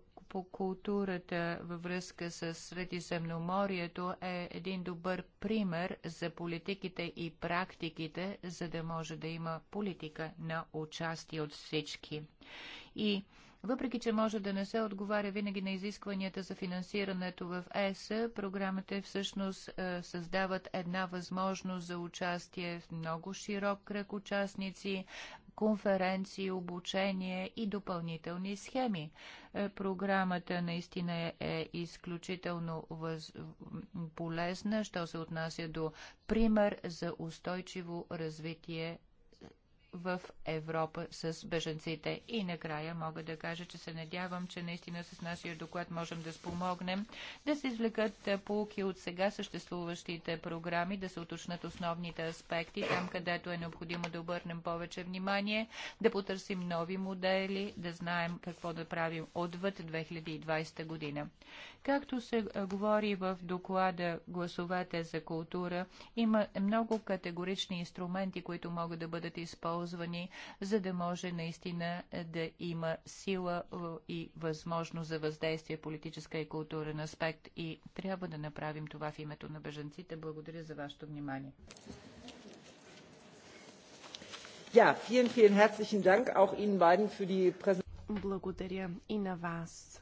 във връзка с Средиземноморието е един добър пример за политиките и практиките, за да може да има политика на участие от всички. И въпреки, че може да не се отговаря винаги на изискванията за финансирането в ЕС, програмите всъщност е, създават една възможност за участие в много широк кръг участници, конференции, обучение и допълнителни схеми. Е, програмата наистина е, е изключително въз... полезна, що се отнася до пример за устойчиво развитие в Европа с беженците. И накрая мога да кажа, че се надявам, че наистина с нашия доклад можем да спомогнем да се извлекат полки от сега съществуващите програми, да се уточнат основните аспекти, там където е необходимо да обърнем повече внимание, да потърсим нови модели, да знаем какво да правим отвъд 2020 година. Както се говори в доклада Гласовете за култура, има много категорични инструменти, които могат да бъдат използвани, за да може наистина да има сила и възможност за въздействие политическа и културен аспект и трябва да направим това в името на беженците. Благодаря за вашето внимание. Ja, vielen, vielen herzlichen Dank auch Ihnen beiden für die Präsentation. Благодаря и на вас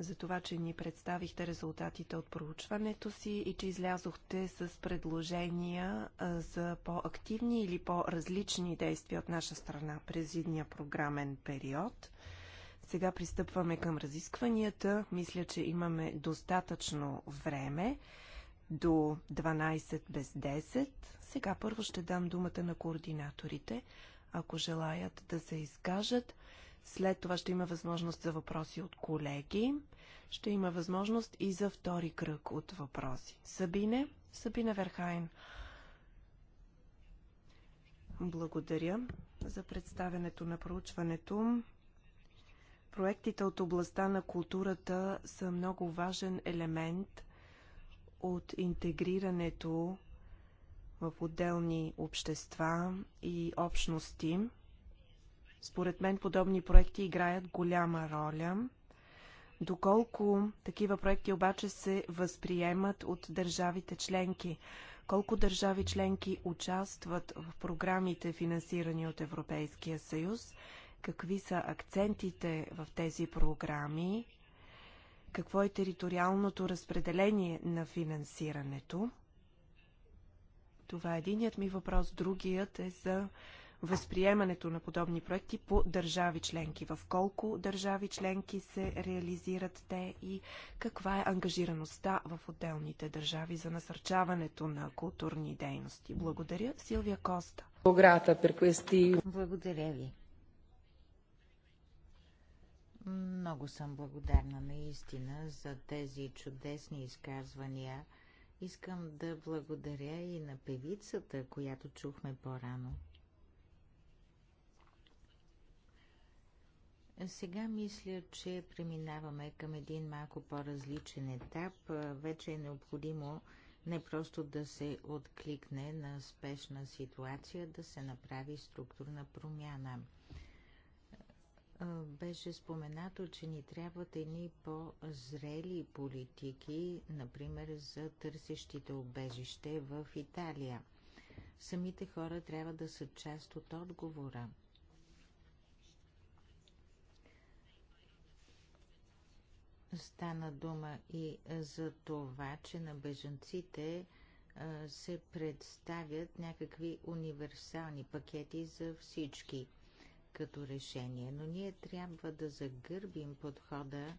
за това, че ни представихте резултатите от проучването си и че излязохте с предложения за по-активни или по-различни действия от наша страна през зимния програмен период. Сега пристъпваме към разискванията. Мисля, че имаме достатъчно време до 12 без 10. Сега първо ще дам думата на координаторите, ако желаят да се изкажат – след това ще има възможност за въпроси от колеги. Ще има възможност и за втори кръг от въпроси. Сабине, Сабина Верхайн. Благодаря за представенето на проучването. Проектите от областта на културата са много важен елемент от интегрирането в отделни общества и общности. Според мен подобни проекти играят голяма роля. Доколко такива проекти обаче се възприемат от държавите членки? Колко държави членки участват в програмите, финансирани от Европейския съюз? Какви са акцентите в тези програми? Какво е териториалното разпределение на финансирането? Това е единият ми въпрос. Другият е за възприемането на подобни проекти по държави членки? В колко държави членки се реализират те и каква е ангажираността в отделните държави за насърчаването на културни дейности? Благодаря, Силвия Коста. Благодаря ви. Много съм благодарна наистина за тези чудесни изказвания. Искам да благодаря и на певицата, която чухме по-рано. Сега мисля, че преминаваме към един малко по-различен етап. Вече е необходимо не просто да се откликне на спешна ситуация, да се направи структурна промяна. Беше споменато, че ни трябват едни по-зрели политики, например за търсещите обежище в Италия. Самите хора трябва да са част от отговора – Стана дума и за това, че на бежанците се представят някакви универсални пакети за всички като решение, но ние трябва да загърбим подхода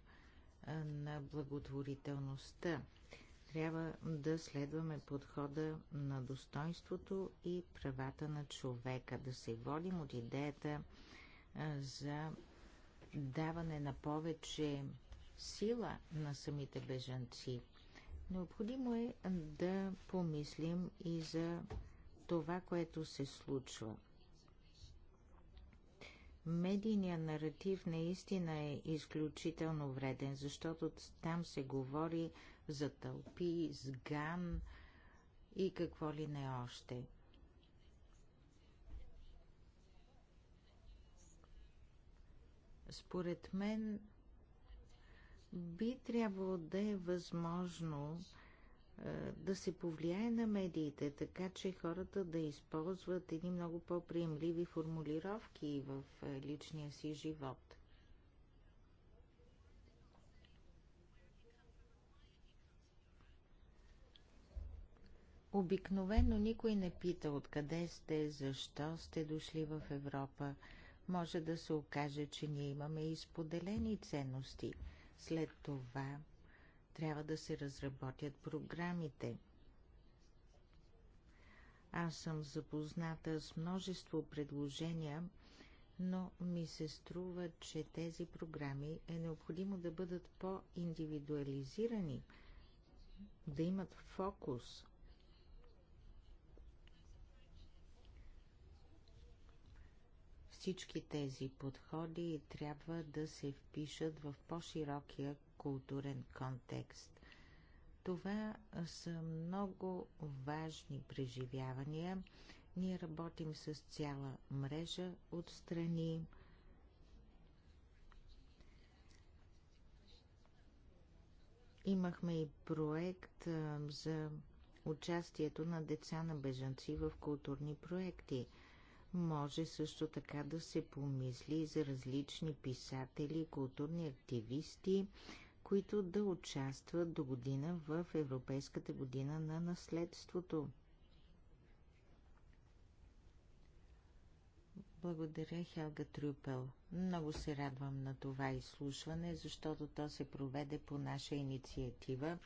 на благотворителността. Трябва да следваме подхода на достоинството и правата на човека, да се водим от идеята за даване на повече сила на самите бежанци. Необходимо е да помислим и за това, което се случва. Медийният наратив наистина е изключително вреден, защото там се говори за тълпи, сган и какво ли не още. Според мен би трябвало да е възможно е, да се повлияе на медиите, така че хората да използват едни много по-приемливи формулировки в е, личния си живот. Обикновено никой не пита откъде сте, защо сте дошли в Европа. Може да се окаже, че ние имаме изподелени ценности – след това трябва да се разработят програмите. Аз съм запозната с множество предложения, но ми се струва, че тези програми е необходимо да бъдат по-индивидуализирани, да имат фокус. Всички тези подходи трябва да се впишат в по-широкия културен контекст. Това са много важни преживявания. Ние работим с цяла мрежа от страни. Имахме и проект за участието на деца на бежанци в културни проекти – може също така да се помисли и за различни писатели и културни активисти, които да участват до година в Европейската година на наследството. Благодаря, Хелга Трюпел. Много се радвам на това изслушване, защото то се проведе по наша инициатива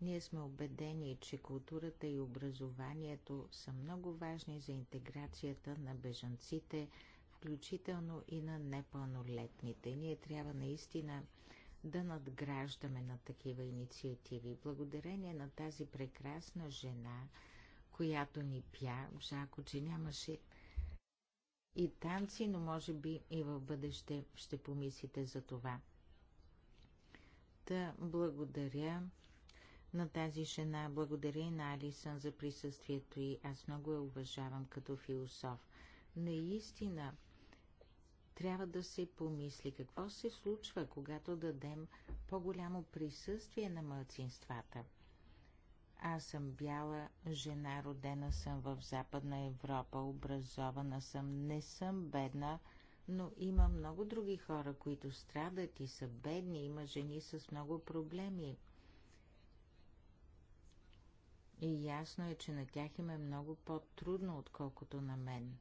ние сме убедени, че културата и образованието са много важни за интеграцията на бежанците, включително и на непълнолетните. Ние трябва наистина да надграждаме на такива инициативи. Благодарение на тази прекрасна жена, която ни пя, жако, че нямаше и танци, но може би и в бъдеще ще помислите за това. Та благодаря на тази жена. Благодаря и на Алисън за присъствието и аз много я уважавам като философ. Наистина, трябва да се помисли какво се случва, когато дадем по-голямо присъствие на мълцинствата. Аз съм бяла жена, родена съм в Западна Европа, образована съм, не съм бедна, но има много други хора, които страдат и са бедни, има жени с много проблеми. И ясно е, че на тях им е много по-трудно, отколкото на мен.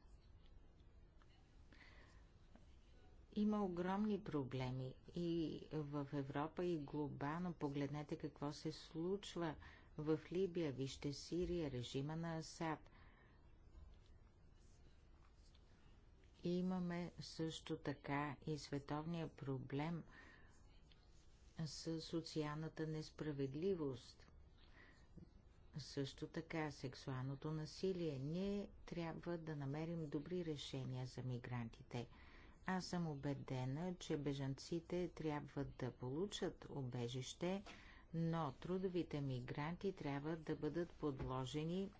Има огромни проблеми и в Европа, и глобално. Погледнете какво се случва в Либия, вижте Сирия, режима на Асад. И имаме също така и световния проблем с социалната несправедливост също така сексуалното насилие. Ние трябва да намерим добри решения за мигрантите. Аз съм убедена, че бежанците трябва да получат обежище, но трудовите мигранти трябва да бъдат подложени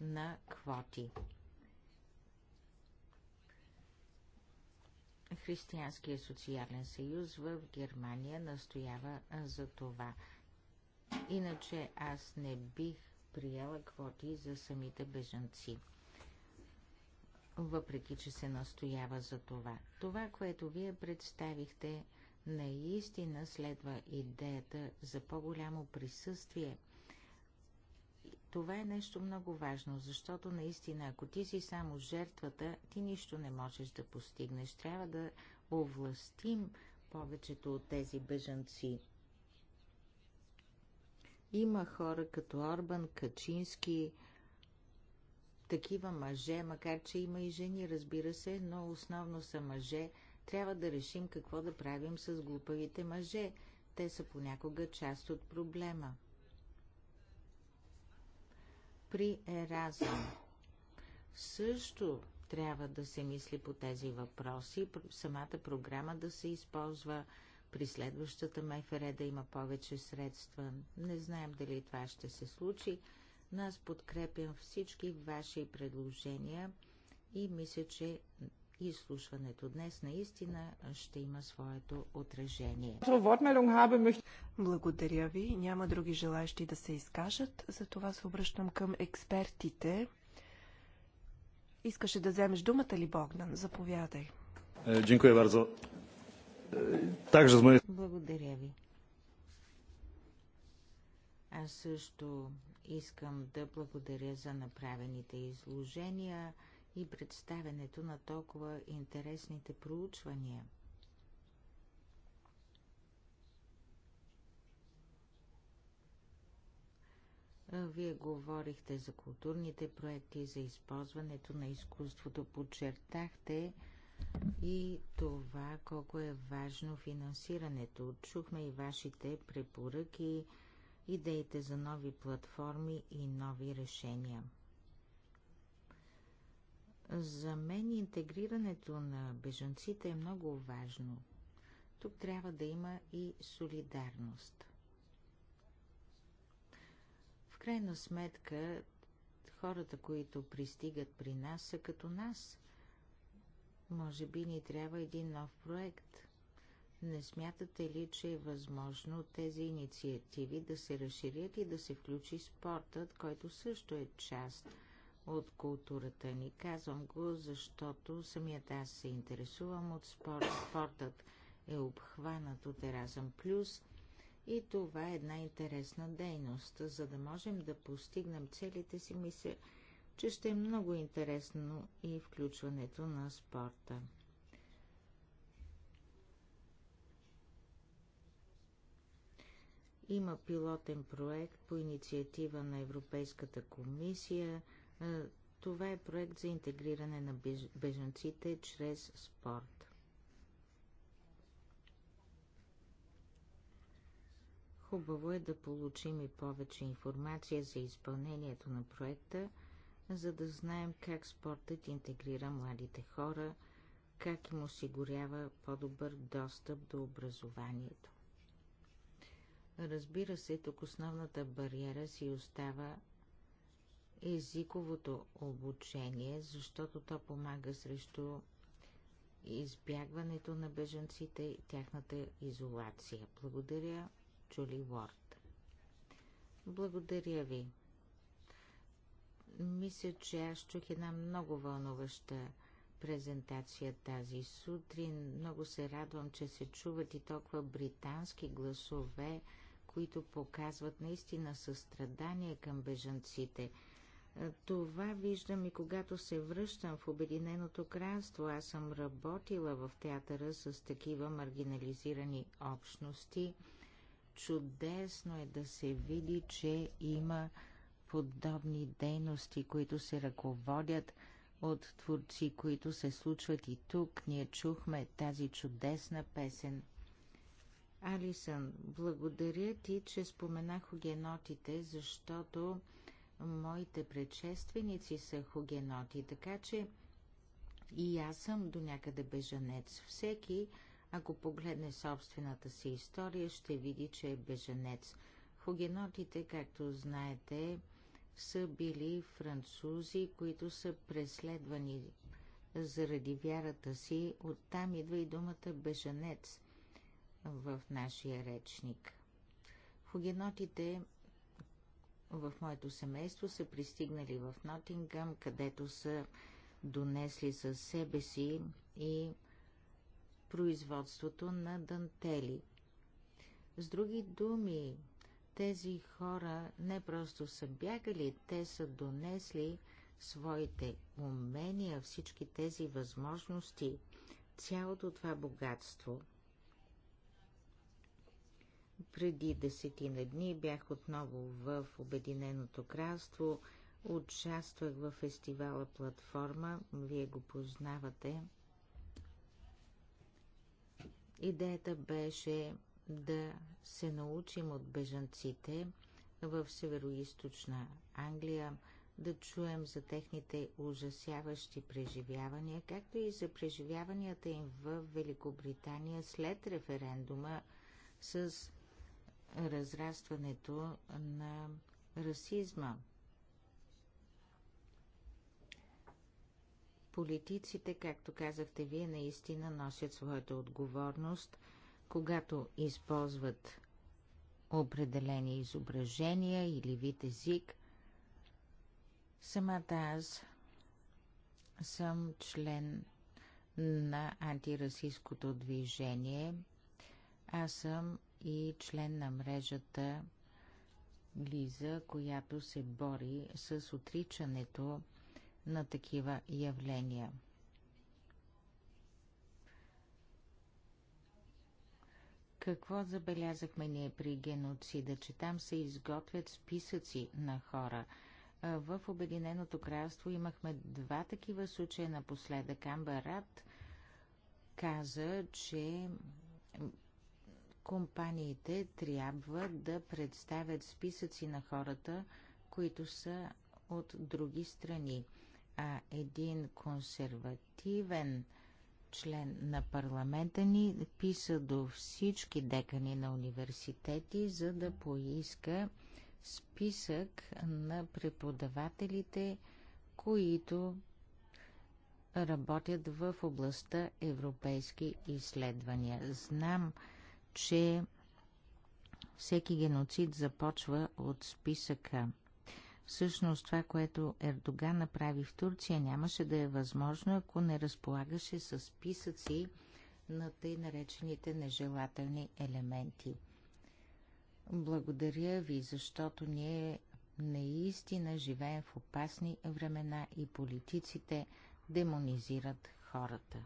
на квоти. Християнския социален съюз в Германия настоява за това. Иначе аз не бих Приела квоти за самите бежанци. Въпреки, че се настоява за това. Това, което вие представихте, наистина следва идеята за по-голямо присъствие. Това е нещо много важно, защото наистина, ако ти си само жертвата, ти нищо не можеш да постигнеш. Трябва да овластим повечето от тези бежанци. Има хора като Орбан, Качински, такива мъже, макар че има и жени, разбира се, но основно са мъже, трябва да решим какво да правим с глупавите мъже. Те са понякога част от проблема. При Еразъм също трябва да се мисли по тези въпроси, самата програма да се използва при следващата МФР да има повече средства. Не знаем дали това ще се случи, но аз подкрепям всички ваши предложения и мисля, че изслушването днес наистина ще има своето отражение. Благодаря ви. Няма други желащи да се изкажат. Затова се обръщам към експертите. Искаше да вземеш думата ли, Богдан? Заповядай. Е, дякую Также с моей... Благодаря ви. Аз също искам да благодаря за направените изложения и представенето на толкова интересните проучвания. Вие говорихте за културните проекти, за използването на изкуството, подчертахте, и това колко е важно финансирането. Чухме и вашите препоръки, идеите за нови платформи и нови решения. За мен интегрирането на бежанците е много важно. Тук трябва да има и солидарност. В крайна сметка, хората, които пристигат при нас, са като нас – може би ни трябва един нов проект. Не смятате ли, че е възможно тези инициативи да се разширят и да се включи спортът, който също е част от културата ни? Казвам го, защото самият аз се интересувам от спорт. Спортът е обхванат от Еразъм Плюс и това е една интересна дейност. За да можем да постигнем целите си, ми се че ще е много интересно и включването на спорта. Има пилотен проект по инициатива на Европейската комисия. Това е проект за интегриране на бежанците чрез спорт. Хубаво е да получим и повече информация за изпълнението на проекта – за да знаем как спортът интегрира младите хора, как им осигурява по-добър достъп до образованието. Разбира се, тук основната бариера си остава езиковото обучение, защото то помага срещу избягването на бежанците и тяхната изолация. Благодаря, Джули Ворд. Благодаря ви. Мисля, че аз чух една много вълнуваща презентация тази сутрин. Много се радвам, че се чуват и толкова британски гласове, които показват наистина състрадание към бежанците. Е, това виждам и когато се връщам в Обединеното кралство. Аз съм работила в театъра с такива маргинализирани общности. Чудесно е да се види, че има подобни дейности, които се ръководят от творци, които се случват и тук. Ние чухме тази чудесна песен. Алисън, благодаря ти, че спомена хугенотите, защото моите предшественици са хугеноти, така че и аз съм до някъде бежанец. Всеки, ако погледне собствената си история, ще види, че е бежанец. Хугенотите, както знаете, са били французи, които са преследвани заради вярата си. Оттам идва и думата бежанец в нашия речник. Хугенотите в моето семейство са пристигнали в Нотингъм, където са донесли със себе си и производството на дантели. С други думи, тези хора не просто са бягали, те са донесли своите умения, всички тези възможности, цялото това богатство. Преди десетина дни бях отново в Обединеното кралство, участвах в фестивала Платформа, вие го познавате. Идеята беше да се научим от бежанците в североизточна Англия, да чуем за техните ужасяващи преживявания, както и за преживяванията им в Великобритания след референдума с разрастването на расизма. Политиците, както казахте вие, наистина носят своята отговорност – когато използват определени изображения или вид език. Самата аз съм член на антирасистското движение. Аз съм и член на мрежата Лиза, която се бори с отричането на такива явления. Какво забелязахме ние при геноцида, че там се изготвят списъци на хора. В Обединеното кралство имахме два такива случая напоследък. Амбарат каза, че компаниите трябва да представят списъци на хората, които са от други страни. А един консервативен член на парламента ни писа до всички декани на университети, за да поиска списък на преподавателите, които работят в областта европейски изследвания. Знам, че всеки геноцид започва от списъка Всъщност това, което Ердоган направи в Турция, нямаше да е възможно, ако не разполагаше с списъци на тъй наречените нежелателни елементи. Благодаря ви, защото ние наистина живеем в опасни времена и политиците демонизират хората.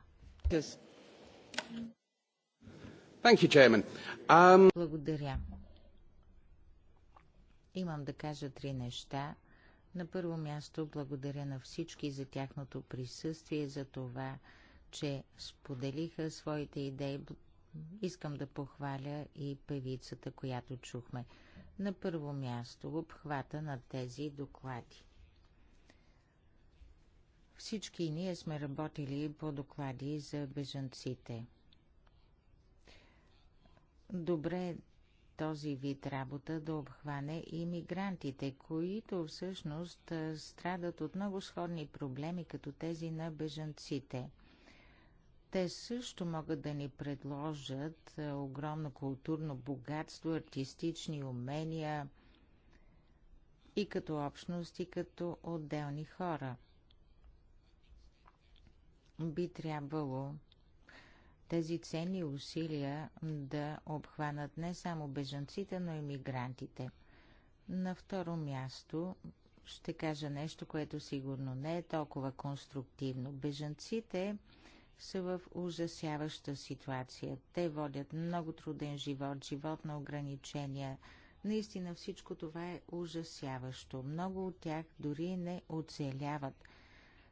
You, um... Благодаря. Имам да кажа три неща. На първо място благодаря на всички за тяхното присъствие, за това, че споделиха своите идеи. Искам да похваля и певицата, която чухме. На първо място обхвата на тези доклади. Всички ние сме работили по доклади за бежанците. Добре е този вид работа да обхване и мигрантите, които всъщност страдат от много сходни проблеми, като тези на бежанците. Те също могат да ни предложат огромно културно богатство, артистични умения и като общност, и като отделни хора. Би трябвало тези ценни усилия да обхванат не само бежанците, но и мигрантите. На второ място ще кажа нещо, което сигурно не е толкова конструктивно. Бежанците са в ужасяваща ситуация. Те водят много труден живот, живот на ограничения. Наистина всичко това е ужасяващо. Много от тях дори не оцеляват –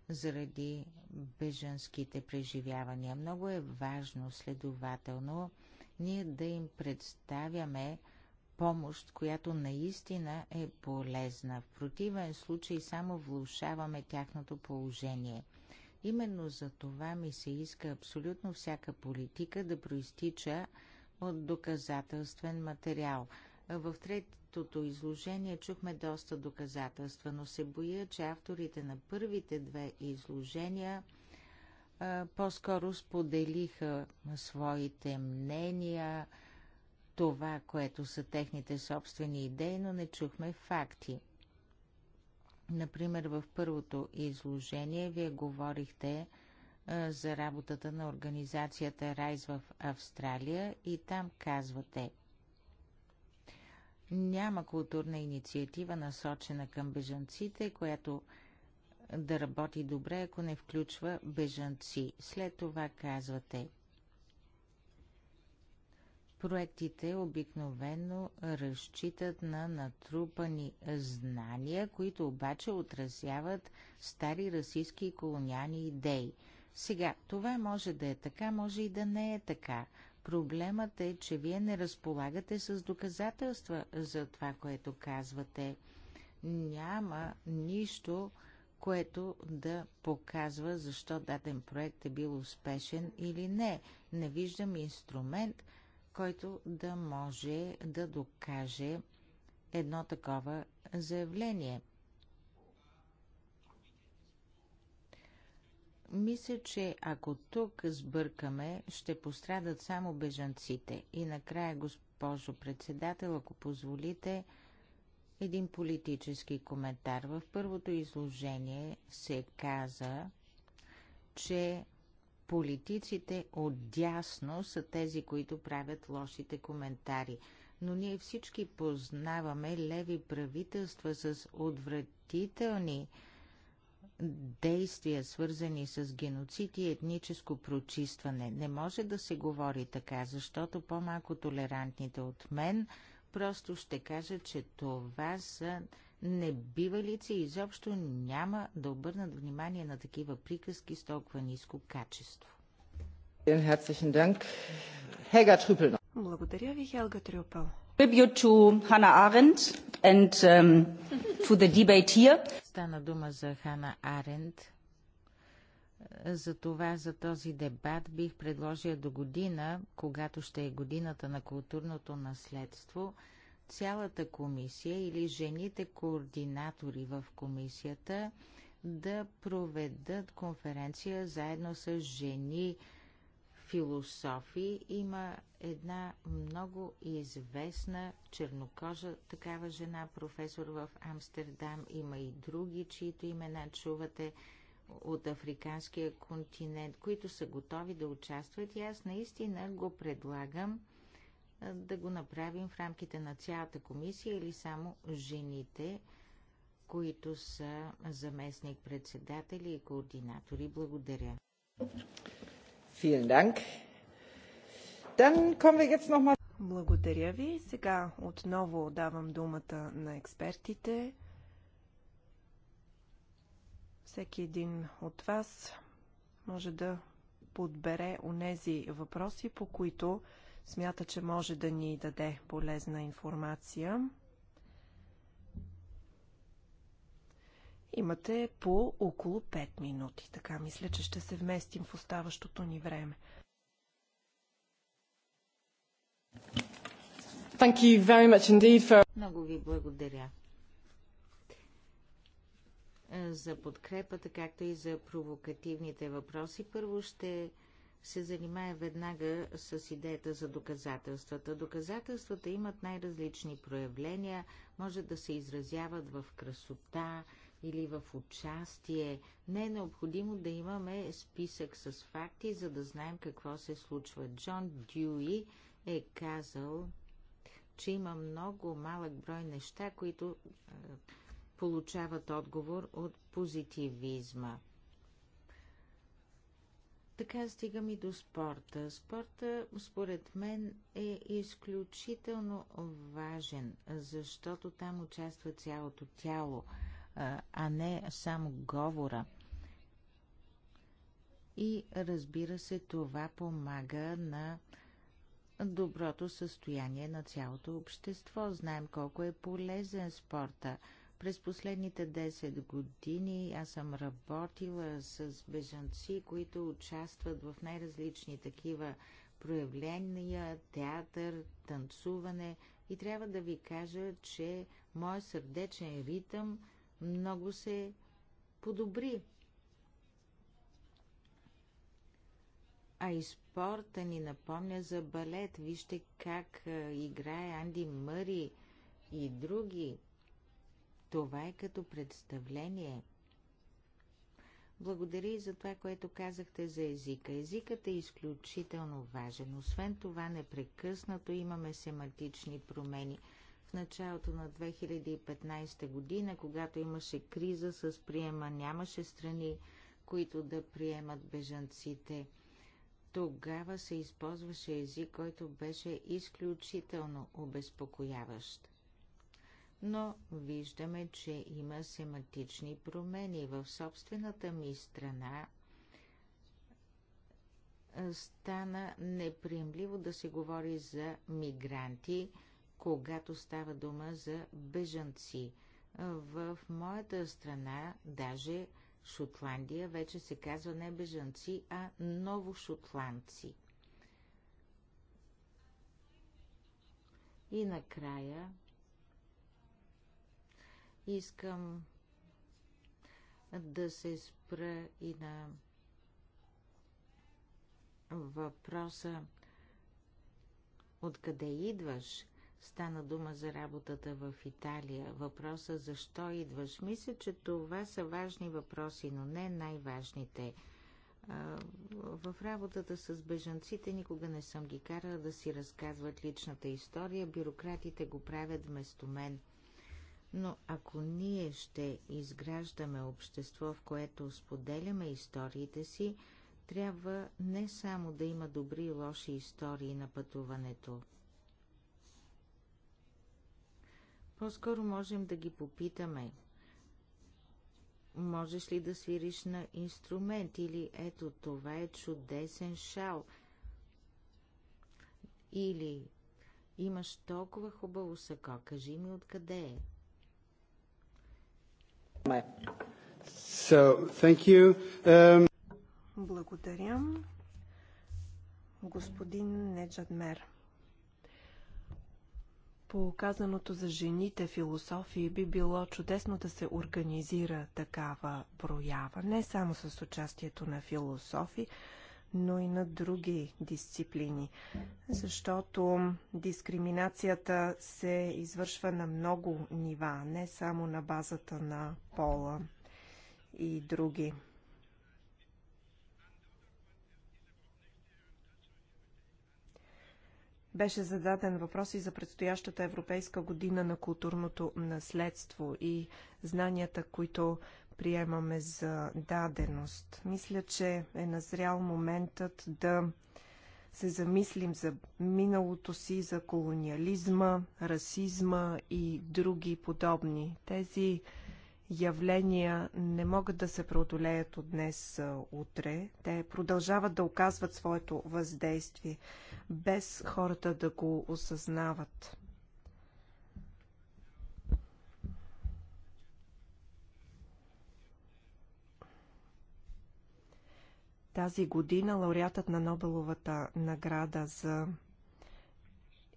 заради бежанските преживявания. Много е важно, следователно, ние да им представяме помощ, която наистина е полезна. В противен случай само влушаваме тяхното положение. Именно за това ми се иска абсолютно всяка политика да проистича от доказателствен материал – в третото изложение чухме доста доказателства, но се боя, че авторите на първите две изложения по-скоро споделиха своите мнения, това, което са техните собствени идеи, но не чухме факти. Например, в първото изложение вие говорихте а, за работата на организацията Райз в Австралия и там казвате – няма културна инициатива, насочена към бежанците, която да работи добре, ако не включва бежанци. След това казвате. Проектите обикновено разчитат на натрупани знания, които обаче отразяват стари расистски и колониални идеи. Сега, това може да е така, може и да не е така. Проблемът е, че вие не разполагате с доказателства за това, което казвате. Няма нищо, което да показва защо даден проект е бил успешен или не. Не виждам инструмент, който да може да докаже едно такова заявление – Мисля, че ако тук сбъркаме, ще пострадат само бежанците. И накрая, госпожо председател, ако позволите, един политически коментар. В първото изложение се каза, че политиците дясно са тези, които правят лошите коментари. Но ние всички познаваме леви правителства с отвратителни действия, свързани с геноцид и етническо прочистване. Не може да се говори така, защото по-малко толерантните от мен просто ще кажат, че това са небивалици и изобщо няма да обърнат внимание на такива приказки с толкова ниско качество. Благодаря ви, Хелга Трюпел. Tribute to Hannah Arendt and um, to the debate here. Стана дума за Хана Аренд. За това, за този дебат бих предложил до година, когато ще е годината на културното наследство, цялата комисия или жените координатори в комисията да проведат конференция заедно с жени философии има една много известна чернокожа такава жена, професор в Амстердам. Има и други, чието имена чувате от африканския континент, които са готови да участват и аз наистина го предлагам да го направим в рамките на цялата комисия или само жените, които са заместник-председатели и координатори. Благодаря. Благодаря ви. Сега отново давам думата на експертите. Всеки един от вас може да подбере онези въпроси, по които смята, че може да ни даде полезна информация. Имате по около 5 минути, така мисля, че ще се вместим в оставащото ни време. Thank you very much indeed for... Много ви благодаря за подкрепата, както и за провокативните въпроси. Първо ще се занимая веднага с идеята за доказателствата. Доказателствата имат най-различни проявления, може да се изразяват в красота, или в участие. Не е необходимо да имаме списък с факти, за да знаем какво се случва. Джон Дюи е казал, че има много малък брой неща, които е, получават отговор от позитивизма. Така стигам и до спорта. Спорта, според мен, е изключително важен, защото там участва цялото тяло а не само говора. И разбира се, това помага на доброто състояние на цялото общество. Знаем колко е полезен спорта. През последните 10 години аз съм работила с бежанци, които участват в най-различни такива проявления, театър, танцуване. И трябва да ви кажа, че моят сърдечен ритъм – много се подобри. А и спорта ни напомня за балет. Вижте как играе Анди Мъри и други. Това е като представление. Благодаря и за това, което казахте за езика. Езикът е изключително важен. Освен това, непрекъснато имаме семантични промени – началото на 2015 година, когато имаше криза с приема, нямаше страни, които да приемат бежанците. Тогава се използваше език, който беше изключително обезпокояващ. Но виждаме, че има семантични промени в собствената ми страна. Стана неприемливо да се говори за мигранти – когато става дума за бежанци. В моята страна, даже Шотландия, вече се казва не бежанци, а новошотландци. И накрая искам да се спра и на въпроса откъде идваш стана дума за работата в Италия. Въпроса защо идваш? Мисля, че това са важни въпроси, но не най-важните. В работата с бежанците никога не съм ги карала да си разказват личната история. Бюрократите го правят вместо мен. Но ако ние ще изграждаме общество, в което споделяме историите си, трябва не само да има добри и лоши истории на пътуването – По-скоро можем да ги попитаме. Можеш ли да свириш на инструмент? Или ето това е чудесен шал. Или имаш толкова хубаво сако, кажи ми откъде е. So, thank you. Um... Благодаря. Господин Неджадмер по казаното за жените философии би било чудесно да се организира такава проява, не само с участието на философи, но и на други дисциплини, защото дискриминацията се извършва на много нива, не само на базата на пола и други. Беше зададен въпрос и за предстоящата Европейска година на културното наследство и знанията, които приемаме за даденост. Мисля, че е назрял моментът да се замислим за миналото си, за колониализма, расизма и други подобни. Тези явления не могат да се преодолеят от днес утре. Те продължават да оказват своето въздействие, без хората да го осъзнават. Тази година лауреатът на Нобеловата награда за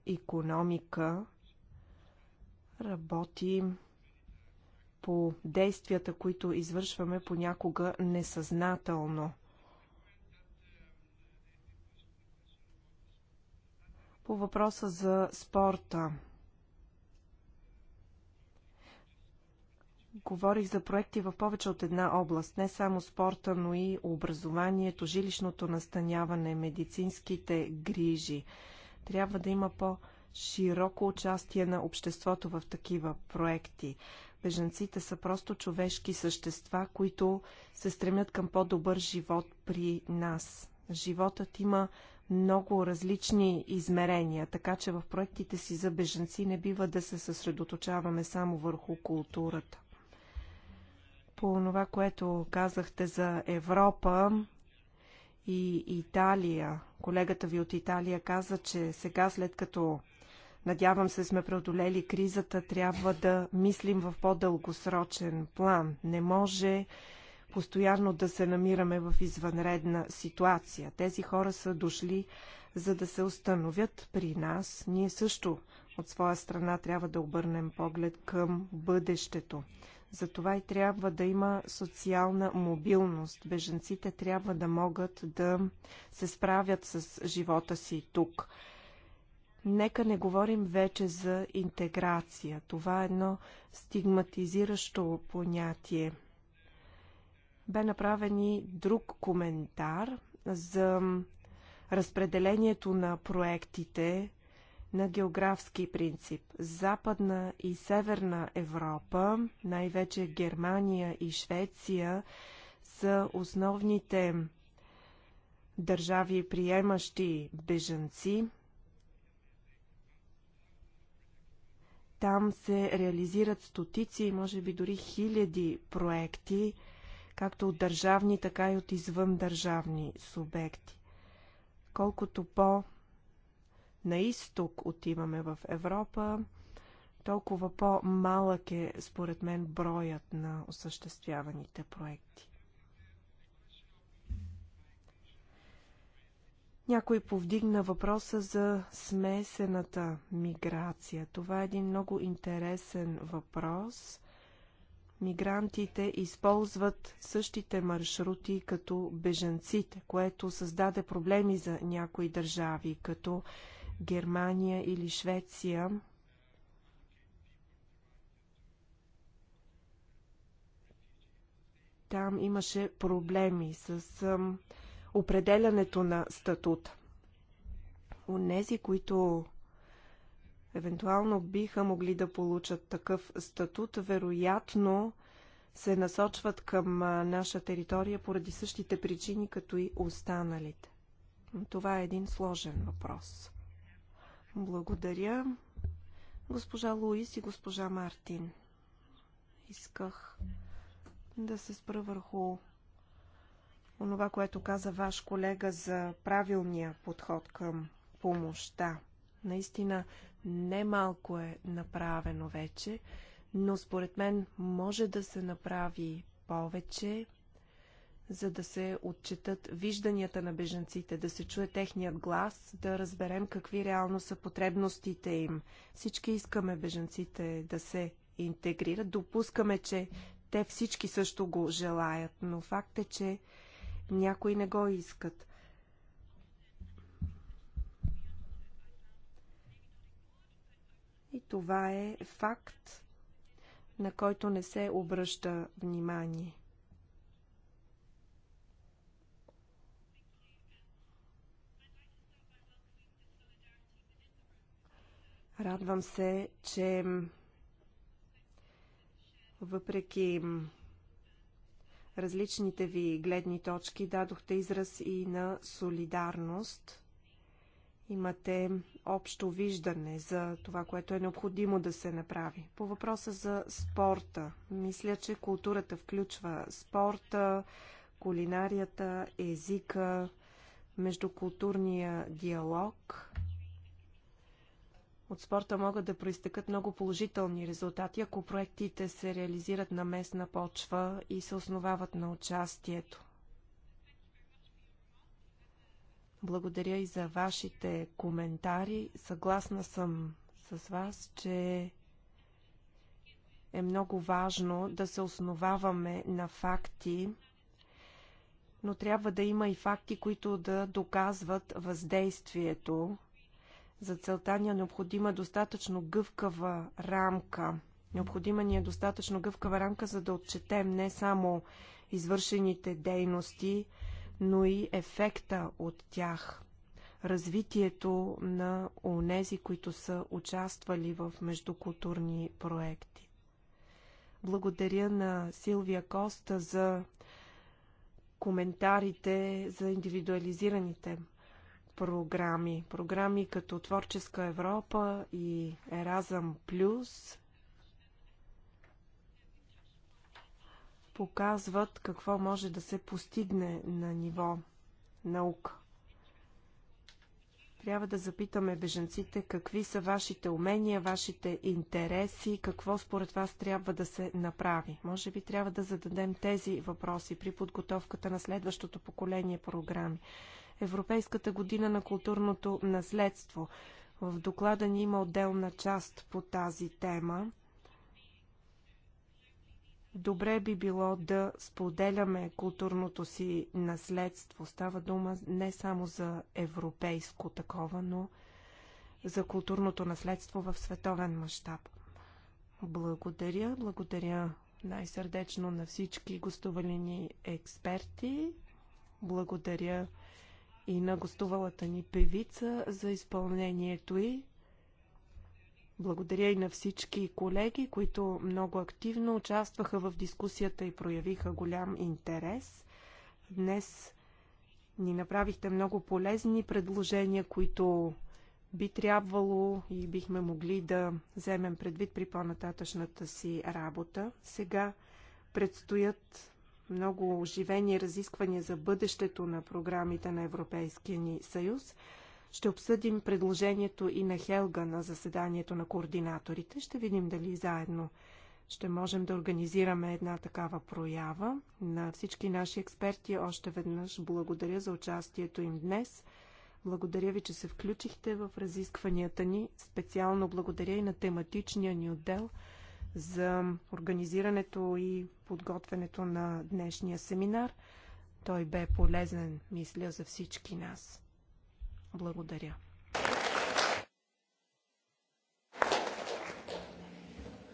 економика работи по действията, които извършваме понякога несъзнателно. По въпроса за спорта. Говорих за проекти в повече от една област, не само спорта, но и образованието, жилищното настаняване, медицинските грижи. Трябва да има по- широко участие на обществото в такива проекти. Беженците са просто човешки същества, които се стремят към по-добър живот при нас. Животът има много различни измерения, така че в проектите си за беженци не бива да се съсредоточаваме само върху културата. По това, което казахте за Европа, и Италия. Колегата ви от Италия каза, че сега след като Надявам се сме преодолели кризата, трябва да мислим в по-дългосрочен план. Не може постоянно да се намираме в извънредна ситуация. Тези хора са дошли за да се установят при нас. Ние също от своя страна трябва да обърнем поглед към бъдещето. Затова и трябва да има социална мобилност. Беженците трябва да могат да се справят с живота си тук. Нека не говорим вече за интеграция. Това е едно стигматизиращо понятие. Бе направен и друг коментар за разпределението на проектите на географски принцип. Западна и Северна Европа, най-вече Германия и Швеция, са основните държави, приемащи бежанци. Там се реализират стотици, може би дори хиляди проекти, както от държавни, така и от извъндържавни субекти. Колкото по на изток отиваме в Европа, толкова по-малък е, според мен, броят на осъществяваните проекти. Някой повдигна въпроса за смесената миграция. Това е един много интересен въпрос. Мигрантите използват същите маршрути като бежанците, което създаде проблеми за някои държави, като Германия или Швеция. Там имаше проблеми с определянето на статут. Онези, които евентуално биха могли да получат такъв статут, вероятно се насочват към наша територия поради същите причини, като и останалите. Това е един сложен въпрос. Благодаря, госпожа Луис и госпожа Мартин. Исках да се спра върху онова, което каза ваш колега за правилния подход към помощта. Наистина, немалко е направено вече, но според мен може да се направи повече, за да се отчетат вижданията на бежанците, да се чуе техният глас, да разберем какви реално са потребностите им. Всички искаме бежанците да се интегрират. Допускаме, че те всички също го желаят, но факт е, че някои не го искат. И това е факт, на който не се обръща внимание. Радвам се, че въпреки различните ви гледни точки дадохте израз и на солидарност. Имате общо виждане за това, което е необходимо да се направи. По въпроса за спорта, мисля, че културата включва спорта, кулинарията, езика, междукултурния диалог – от спорта могат да проистъкат много положителни резултати, ако проектите се реализират на местна почва и се основават на участието. Благодаря и за вашите коментари. Съгласна съм с вас, че е много важно да се основаваме на факти, но трябва да има и факти, които да доказват въздействието за целта ни е необходима достатъчно гъвкава рамка. Необходима ни е достатъчно гъвкава рамка, за да отчетем не само извършените дейности, но и ефекта от тях. Развитието на онези, които са участвали в междукултурни проекти. Благодаря на Силвия Коста за коментарите за индивидуализираните програми. Програми като Творческа Европа и Еразъм Плюс показват какво може да се постигне на ниво наука. Трябва да запитаме беженците какви са вашите умения, вашите интереси, какво според вас трябва да се направи. Може би трябва да зададем тези въпроси при подготовката на следващото поколение програми. Европейската година на културното наследство. В доклада ни има отделна част по тази тема. Добре би било да споделяме културното си наследство. Става дума не само за европейско такова, но за културното наследство в световен мащаб. Благодаря, благодаря най-сърдечно на всички гостували ни експерти. Благодаря и на гостувалата ни певица за изпълнението й. Благодаря и на всички колеги, които много активно участваха в дискусията и проявиха голям интерес. Днес ни направихте много полезни предложения, които би трябвало и бихме могли да вземем предвид при по-нататъчната си работа. Сега предстоят много оживени разисквания за бъдещето на програмите на Европейския ни съюз. Ще обсъдим предложението и на Хелга на заседанието на координаторите. Ще видим дали заедно ще можем да организираме една такава проява. На всички наши експерти още веднъж благодаря за участието им днес. Благодаря ви, че се включихте в разискванията ни. Специално благодаря и на тематичния ни отдел – за организирането и подготвянето на днешния семинар. Той бе полезен, мисля, за всички нас. Благодаря.